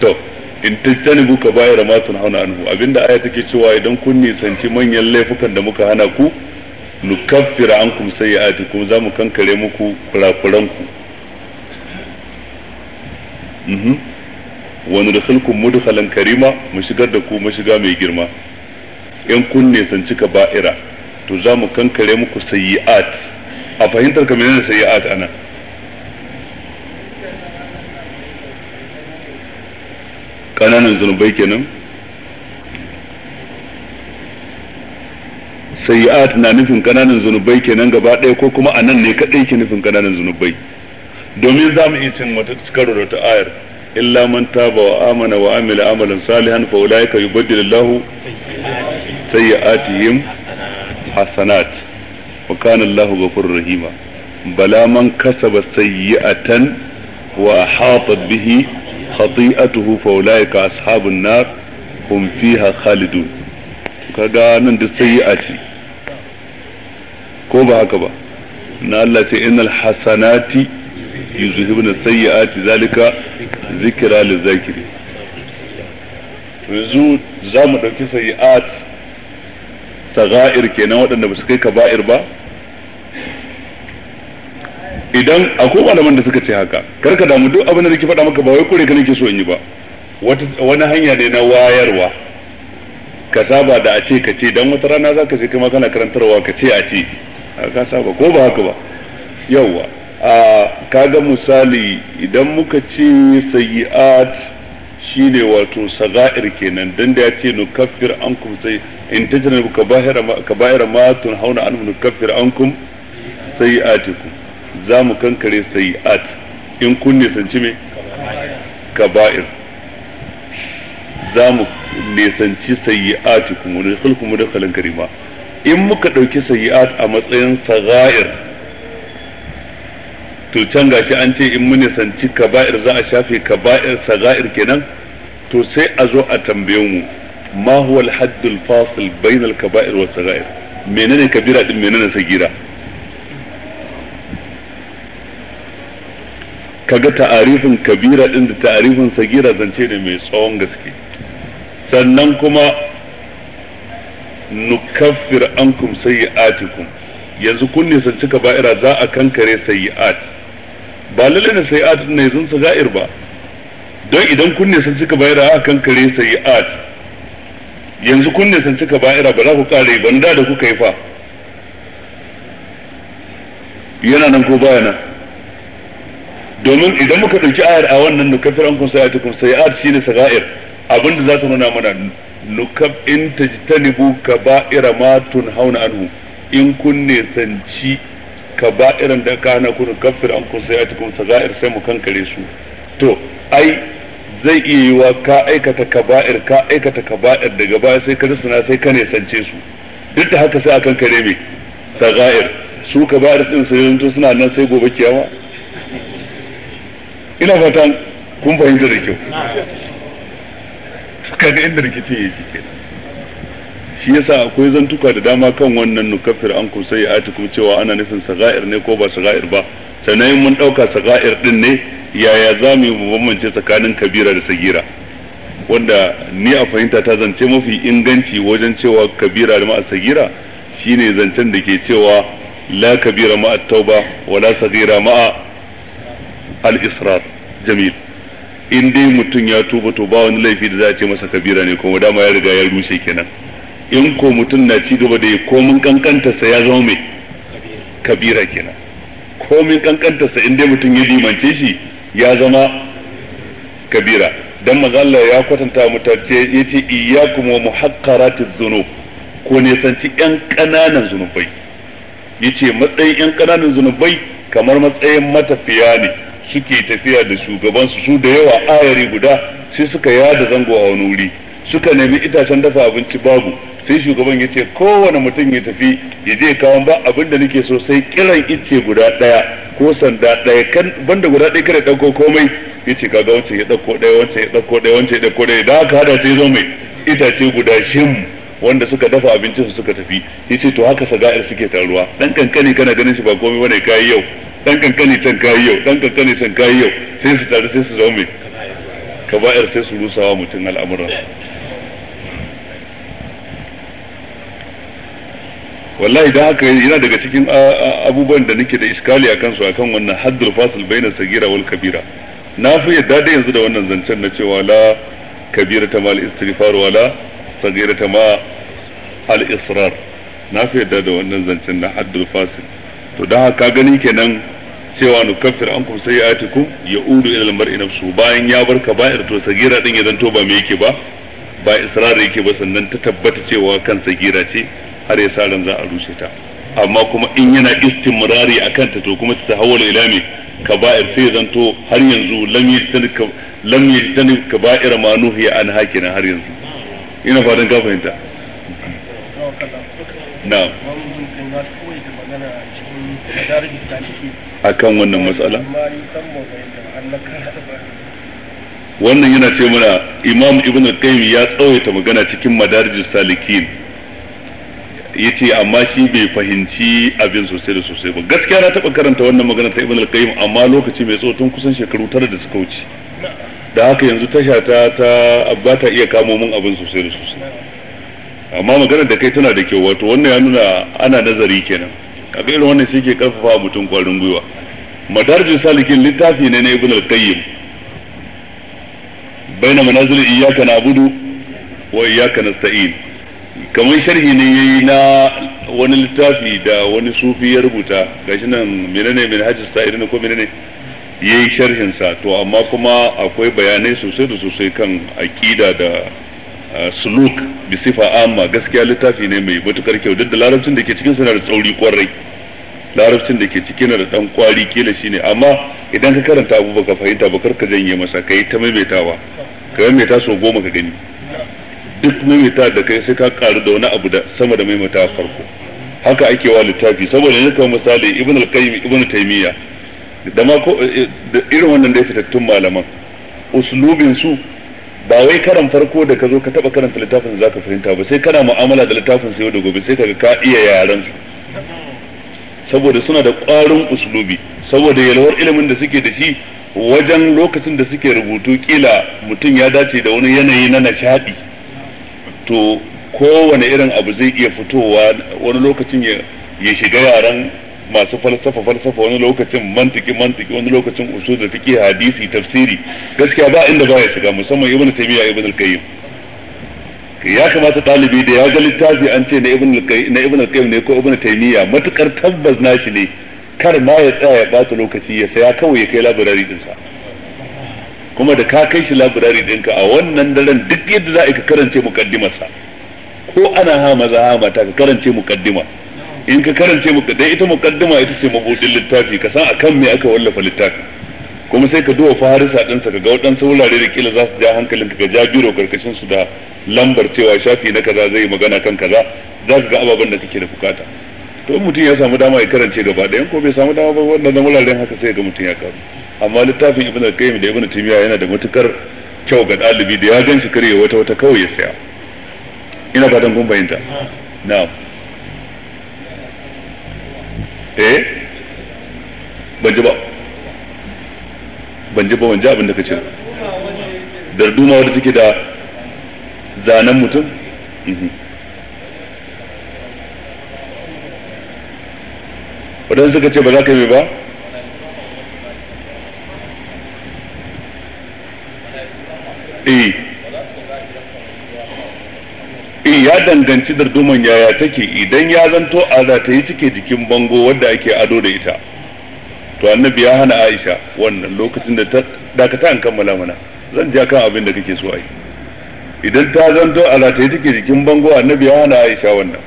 to in tattani ka bayar ma hauna anhu abinda aya take cewa idan kun nisanci manyan laifukan da muka hana ku nukaffira ankum sayyi'atikum za mu kankare muku kurakuranku mhm wa nudkhilkum mudkhalan karima mu shigar da ku mashiga mai girma in kun ne san cika ba'ira to za mu kankare muku sayi'at a fahimtar ka menene sayi'at ana kananan zunubai kenan sayyi'at na nufin kananan zunubai kenan gaba ɗaya ko kuma anan ne kadai ke nufin kananan zunubai domin za mu iya cin wata karo da wata ayar illa man taba wa amana wa amila amalan salihan fa ulaika yubaddilullahu sayyi'atihim hasanat wa kana Allahu ghafurur rahima bala man kasaba sayyi'atan wa ahatat bihi khati'atuhu fa ulaika ashabun nar hum fiha khalidun kaga nan duk sayyi'a ce ko ba haka ba na Allah ce innal hasanati yuzhibun sayyiati zalika zikra lizakiri yanzu za mu ɗauki sayyi'at saga'ir kenan waɗanda ba su kai kaba'ir ba idan akwai malaman da suka ce haka karka damu duk abin da nake faɗa maka ba wai kure ka nake so in yi ba wani hanya ne na wayarwa ka saba da a ce ka ce dan wata rana za ka je kai ma kana karantarwa ka ce a ce ka saba ko ba haka ba yawwa a kaga misali idan muka ce sayi'at shine wato saga'ir kenan dan da ya ce nu kaffir ankum sai in tajna ka bahira ma hauna an nu kaffir ankum sayyi'atikum za mu kankare sayi'at in kun sanci me kaba'ir za mu sanci sayyi'atikum wa nudkhilkum mudkhalan karima in muka ɗauki sayi'at a matsayin sagha'ir to can gashi an ce in muni sanci kaba'ir za a shafe kaba'ir sagha'ir kenan to sai a zo a tambaye mu ma huwa al-haddul fasil bainal kaba'ir was sagha'ir menene kabira din menene sagira kaga ta'arifin kabira din da ta'arifin sagira zance ne mai tsawon gaske sannan kuma nukaffir ankum sayyi'atikum yanzu kun cika ba'ira za a kankare sayyi'at ba lalle ne sayyi'at ne sun sagair ba don idan kun nisanci za a kankare sayyi'at yanzu kun cika ba'ira ba za ku kare banda da kuka yi fa yana nan ko baya nan domin idan muka ɗauki ayar a wannan nukaffir ankum sayyi'atikum sayyi'at shine sagair abinda za ta nuna mana nukab in tajtanibu kaba'ira ma hauna anhu in kun ne sanci kaba'iran da ka hana kun kafir an kun cikin sagair sai mu kankare su to ai zai iya yiwa ka aikata kaba'ir ka aikata kaba'ir daga baya sai ka rusuna sai ka ne sance su duk da haka sai a kankare me sagair su kaba'ir din sai yanzu suna nan sai gobe kiyama ina fatan kun fahimta da kyau ga inda rikicin kenan shi yasa akwai zantuka da dama kan wannan nukafir an kun sai ayati kuma cewa ana nufin sagair ne ko ba sagair ba sannan mun dauka sagair din ne yaya za mu yi bambance tsakanin kabira da sagira wanda ni a fahimta ta zance mafi inganci wajen cewa kabira da ma'a sagira shine zancen da ke cewa la kabira ma'a tauba wala sagira ma'a al-israr jamil in dai mutum ya tuba to ba wani laifi da za a ce masa kabira ne kuma dama ya riga ya rushe kenan in ko mutum na ci gaba da ya komin kankantarsa ya zama mai kabira kenan komin kankantarsa in dai mutum ya limance shi ya zama kabira dan manzo ya kwatanta mutarce yace iyyakum wa muhaqqaratiz zunub ko ne sanci yan kananan zunubai yace matsayin yan kananan zunubai kamar matsayin matafiya ne suke tafiya da shugabansu su da yawa ayari guda sai suka yada zango a wani wuri suka nemi itacen dafa abinci babu sai shugaban ya ce kowane mutum ya tafi ya je kawo ba abin da nake so sai kiran ice guda ɗaya ko sanda ɗaya kan banda guda ɗaya kada ɗauko komai ya ce kaga wancan ya dauko daya wancan ya dauko ɗaya wancan ya dauko ɗaya da haka hada sai zo mai itace guda shim wanda suka dafa abincin su suka tafi ya ce to haka saga'ir suke taruwa dan kankani kana ganin shi ba komai bane kai yau dan kankani can kayi yau dan kankani can kayi yau sai su taru sai su zama mai kaba'ir sai su rusawa mutum al'amuran wallahi idan haka yana daga cikin abubuwan da nake da iskali a kansu akan wannan haddul fasil baina sagira wal kabira na fi yadda da yanzu da wannan zancen na cewa la kabira ta mal istighfar wala sagira ta ma al israr na fi yadda da wannan zancen na haddul fasil to da haka gani kenan cewa nu kafir an kum sai ya ku ya udu ila almar'i nafsu bayan ya bar ba to sagira din ya zanto ba me yake ba ba israr yake ba sannan ta tabbata cewa kan sagira ce har ya sa ran za a rushe ta amma kuma in yana istimrari akan ta to kuma ta hawala ila me kaba'ir sai zanto har yanzu lam yajtanib lam yajtanib kaba'ir ma nuhiya an hakina har yanzu ina fatan ka fahimta na'am akan wannan matsala wannan yana ce mana imam ibn al-qayyim ya tsawaita magana cikin madarijus salikin yace amma shi bai fahimci abin sosai da sosai ba gaskiya na taba karanta wannan magana ta ibn al-qayyim amma lokaci mai tsawo tun kusan shekaru tara da suka wuce da haka yanzu tasha ta ta abba ta iya kamo mun abin sosai da sosai amma maganar da kai tana da kyau wato wannan ya nuna ana nazari kenan a irin wannan shi ke karfafa mutum kwarin gwiwa madarjin salikin littafi ne na ibn al-qayyim baina manazil iyyaka na'budu wa iyyaka nasta'in kamar sharhi ne yayi na wani littafi da wani sufi ya rubuta gashi nan menene min hajji irin ko menene yayi sharhin sa to amma kuma akwai bayanai sosai da sosai kan aqida da suluk bi sifa amma gaskiya littafi ne mai matukar kyau duk da larabcin da ke cikin suna da tsauri kwarai larabcin da ke cikin da dan kwari kila shine amma idan ka karanta abu baka fahimta ba ka janye masa kai ta maimaitawa ka maimaita so goma ka gani duk maimaita da kai sai ka karu da wani abu da sama da maimaita farko haka ake wa littafi saboda ne kamar misali ibn al-qayyim ibn taymiya da ma eh, irin wannan da ya fitattun malaman uslubin su ba wai karan farko da ka zo ka taba karanta littafin zaka fahimta ba sai kana mu'amala da littafin sai da gobe sai kaga ka iya yaren su saboda suna da ƙwarin uslubi saboda yalwar ilimin da suke da shi wajen lokacin da suke rubutu kila mutum ya dace da wani yanayi na nishadi to kowane irin abu zai iya fitowa wani lokacin ya shiga yaren. masu falsafa falsafa wani lokacin mantiki mantiki wani lokacin usul da fiqh hadisi tafsiri gaskiya ba inda ba ya shiga musamman ibn taymiya ibn al-qayyim ya kamata talibi da ya ga littafi an ce na ibn al-qayyim na ibn al-qayyim ne ko ibn taymiya matukar tabbas nashi ne kar ma ya tsaya ya bata lokaci ya saya kawai ya kai din dinsa kuma da ka kai shi labirari dinka a wannan daren duk yadda za ka karance mukaddimarsa ko ana ha maza ha mata ka karance mukaddima in ka karance dai ita mukaddima ita ce mabudin littafi ka san akan me aka wallafa littafi kuma sai ka duba farisa dinsa ka ga waɗansu wurare da kila za su ja hankalin ka ja biro karkashin su da lambar cewa shafi na kaza zai magana kan kaza za ka ga ababen da kake da bukata to in mutum ya samu dama ya karance gaba ɗayan ko bai samu dama ba wannan wuraren haka sai ga mutum ya karu amma littafin ibnu al-qayyim da ibnu timiya yana da matukar kyau ga ɗalibi da ya gan shi kare wata wata kawai ya saya ina fatan kun fahimta na'am eh ban ji ba ban ji ba ban ji abin da kace darduma wadda take da zanen mutum mhm. wadanda suka ce ba za ka yi ba eh Eh, ya danganci darduman yaya take idan ya zanto a yi cike jikin bango wadda ake ado da ita to annabi ya hana Aisha wannan lokacin da ta dakata an kammala mana zan ji kan abin da kake so ai idan ta zanto a yi cike jikin bango annabi ya hana Aisha wannan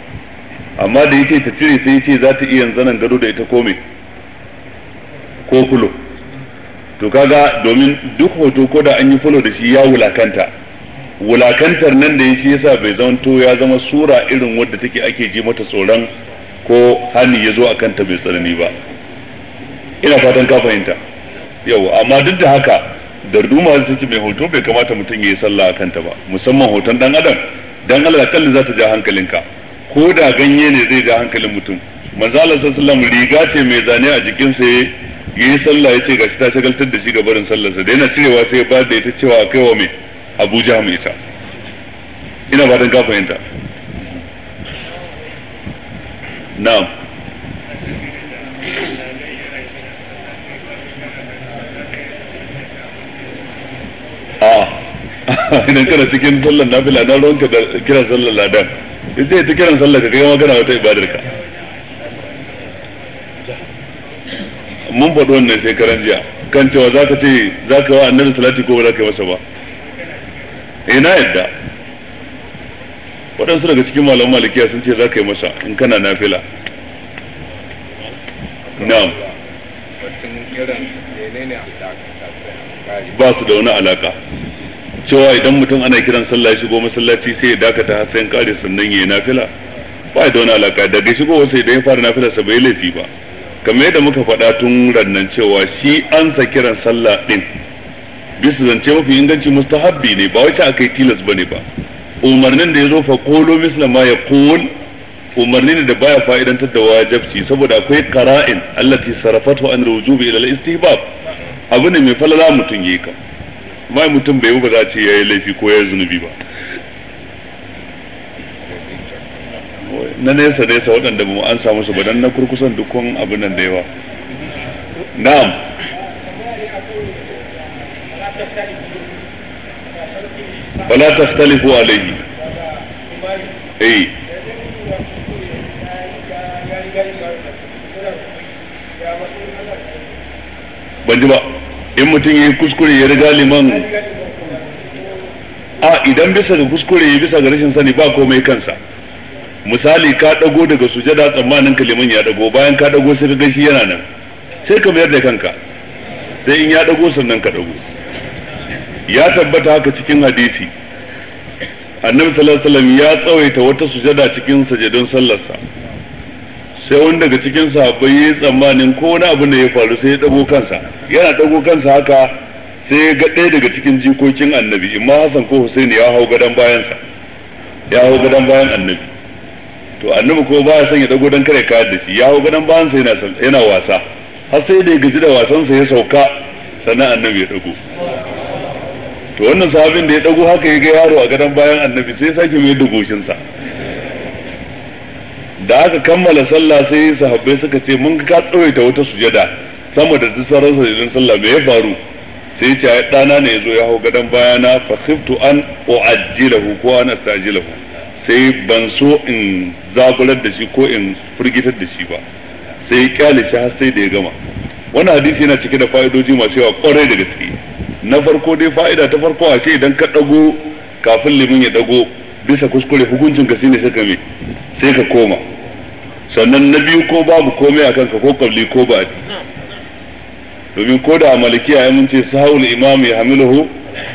amma da yake ta cire sai yace za ta iya zanan gado da ita ko me ko fulo to kaga domin duk hoto ko da an yi fulo da shi ya wulakanta wulakantar nan da ya yasa bai zanto ya zama sura irin wadda take ake ji mata tsoron ko hani ya zo a kanta bai tsanani ba ina fatan ka fahimta yau amma duk da haka darduma da ce mai hoto bai kamata mutum ya yi sallah a kanta ba musamman hoton dan adam dan Allah kalli za ta ja hankalinka ko da ganye ne zai ja hankalin mutum manzo Allah sallallahu alaihi riga ce mai zane a jikinsa yayi sallah yace gashi ta shagaltar da shi ga barin sallarsa da yana cirewa sai ba da ita cewa kaiwa mai Abuja mai ita ina ba don ka fahimta na'am a ah. idan kana cikin sallar fila na ruwanka da kiran sallar ladan zai ta kiran sallar ka kai magana wata ibadar ka mun faɗi wannan shekaran jiya kan cewa za ka ce za ka wa annabi salati ko ba za ka yi masa ba ina na yadda waɗansu daga cikin malam malikiya sun ce za ka yi masa in kana nafila na'am ba su da wani alaka cewa idan mutum ana kiran sallah ya shigo masallaci sai ya dakata har sai kare sannan ya yi nafila ba da wani alaka daga shigo sai idan ya fara nafila sa bai laifi ba kamar yadda muka faɗa tun rannan cewa shi an sa kiran sallah din bisa zance mafi inganci mustahabbi ne ba wace akai tilas ba ne ba umarnin da ya zo fa kolo misla ma yaqul umarni ne da baya fa'idantar da wajabci saboda akwai karain allati sarafatu an rujubi ila al-istihbab abu ne mai falala mutum yayi ka mai mutum bai yi ba za ce yayi laifi ko yayi zunubi ba na nesa nesa waɗanda mu an samu su ba dan na kurkusan dukkan abin nan da yawa na'am Bala tastalifu alayhi eh ban ba in mutum yayi kuskure ya riga liman a idan bisa kuskure ya bisa ga rashin sani ba komai kansa misali ka dago daga sujada tsammanin liman ya dago bayan ka dago sai ka gashi yana nan sai ka mayar da kanka sai in ya dago sannan ka dago ya tabbata haka cikin hadisi annabi sallallahu alaihi wasallam ya tsawaita wata sujada cikin sajadun sallarsa sai wani daga cikin sahabbai ya tsammanin ko wani abu ne ya faru sai ya dago kansa yana dago kansa haka sai ya ga ɗaya daga cikin jikokin annabi imma Hassan ko Hussein ya hau gadon bayansa ya hau gadon bayan annabi to annabi ko ba ya son ya dago dan kare kayar da shi ya hau gadon bayansa yana yana wasa har sai da ya gaji da wasansa ya sauka sannan annabi ya dago to wannan sahabin da ya dago haka ya ga yaro a gadon bayan annabi sai sake mai da goshinsa da aka kammala sallah sai sahabbai suka ce mun ka tsawaita wata sujada sama da sauran sujadin sallah me ya faru sai ce ai dana ne yazo ya hau gadon bayana fa khiftu an uajjilahu ko an astajilahu sai ban so in zagular da shi ko in firgitar da shi ba sai ya kyale shi har sai da ya gama wannan hadisi yana cike da fa'idoji masu yawa kwarai da gaske na farko dai fa'ida ta farko a ce idan ka dago kafin limin ya dago bisa kuskure hukuncin ka shine saka me sai ka koma sannan na biyu ko babu komai a kanka ko kabli ko ba domin ko da malikiya ya mun ce sahawul imam ya hamiluhu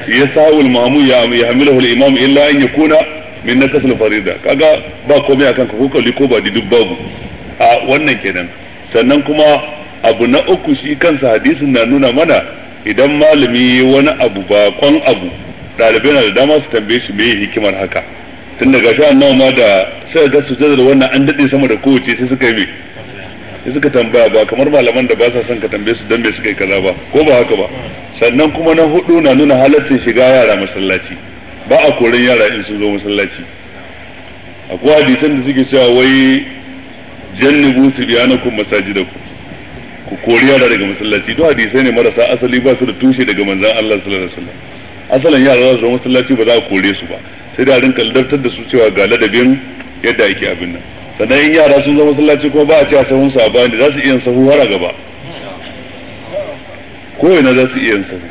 ya sahawul mamu ya hamiluhu imam illa an kuna min kasar farida kaga ba komai a kanka ko kabli ko ba duk babu a wannan kenan sannan kuma abu na uku shi kansa hadisin na nuna mana idan malami wani abu bakon abu ɗalibai na da dama su tambaye shi mai hikimar haka tun daga shi annawa ma da sai da su da wannan an daɗe sama da kowace sai suka yi sai suka tambaya ba kamar malaman da ba sa son ka tambaye su don bai suka yi kaza ba ko ba haka ba sannan kuma na hudu na nuna halaccin shiga yara masallaci ba a koren yara in sun zo masallaci akwai hadisan da suke cewa wai jannibu su da masajidakum ku kori yara daga masallaci duk hadisai ne marasa asali ba su da tushe daga manzan Allah sallallahu alaihi wasallam asalin yara za su masallaci ba za a kore su ba sai da rinka ladabtar da su cewa ga ladabin yadda ake abin nan sannan in yara sun zama masallaci kuma ba a ce a sahun sa ba ne za su iya sahu har a gaba ko ina za su iya sahu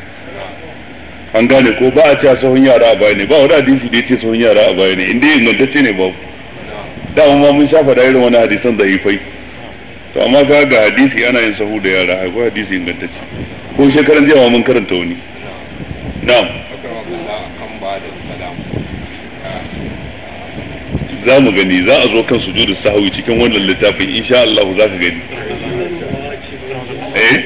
an gane ko ba a ce a sahun yara a baya ne ba wani hadisi da ya ce sahun yara a baya ne inda ingantacce ne babu dama ma mun shafa da irin wani hadisan da fai. to amma ga ga hadisi ana yin sahu da yara akwai hadisi ingantacce ko shekaran jiya mun karanta wani na'am za mu gani za a zo kan sujudu sahwi cikin wannan littafin insha Allah za ka gani eh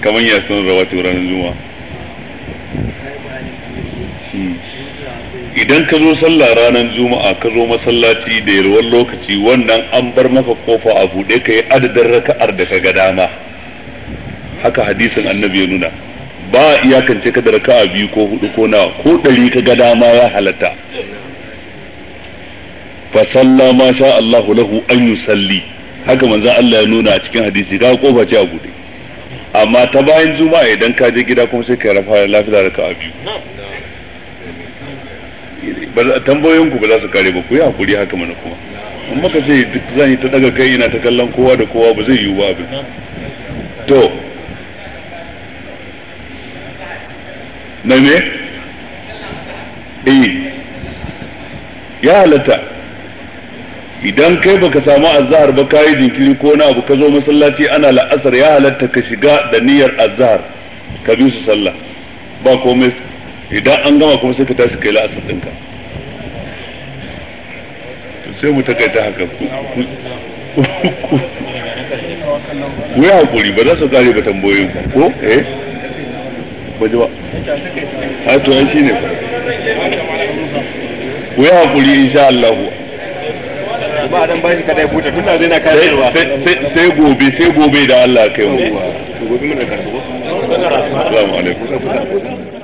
kamar ya san rawati ranar juma'a hmm. idan ka zo sallah ranar juma'a ka zo masallaci da yarwar lokaci wannan an bar maka kofa a buɗe ka yi adadin raka'ar da ka ga dama haka hadisin annabi ya nuna ba a iyakance ka da raka'a biyu ko hudu ko nawa ko ɗari ka ga dama ya halatta fa salla ma sha Allahu lahu an yusalli haka manzo Allah ya nuna a cikin hadisi ga kofa ce a buɗe amma ta bayan juma'a idan ka je gida kuma sai ka rafa lafiya raka'a biyu ba tambayoyin ku ba za su kare ba ku yi hakuri haka mana kuma in ka ce duk zan yi ta daga kai ina ta kallon kowa da kowa ba zai yiwu ba abin to na ne eh ya halatta idan kai baka samu azhar ba kai jinkiri ko na abu ka zo masallaci ana la'asar ya halatta ka shiga da niyyar azhar ka bi su sallah ba komai idan an gama kuma sai ka tashi kai la'asar ɗinka sai mu takaita haka ku yi haƙuri ba za su kare ba tambayoyin ko eh ba ji ba a to an shi ne ku yi haƙuri insha Allah ba dan bashi dai buta tunda zai na kare ruwa sai gobe sai gobe da Allah kai mu gobe mun da karbo assalamu alaikum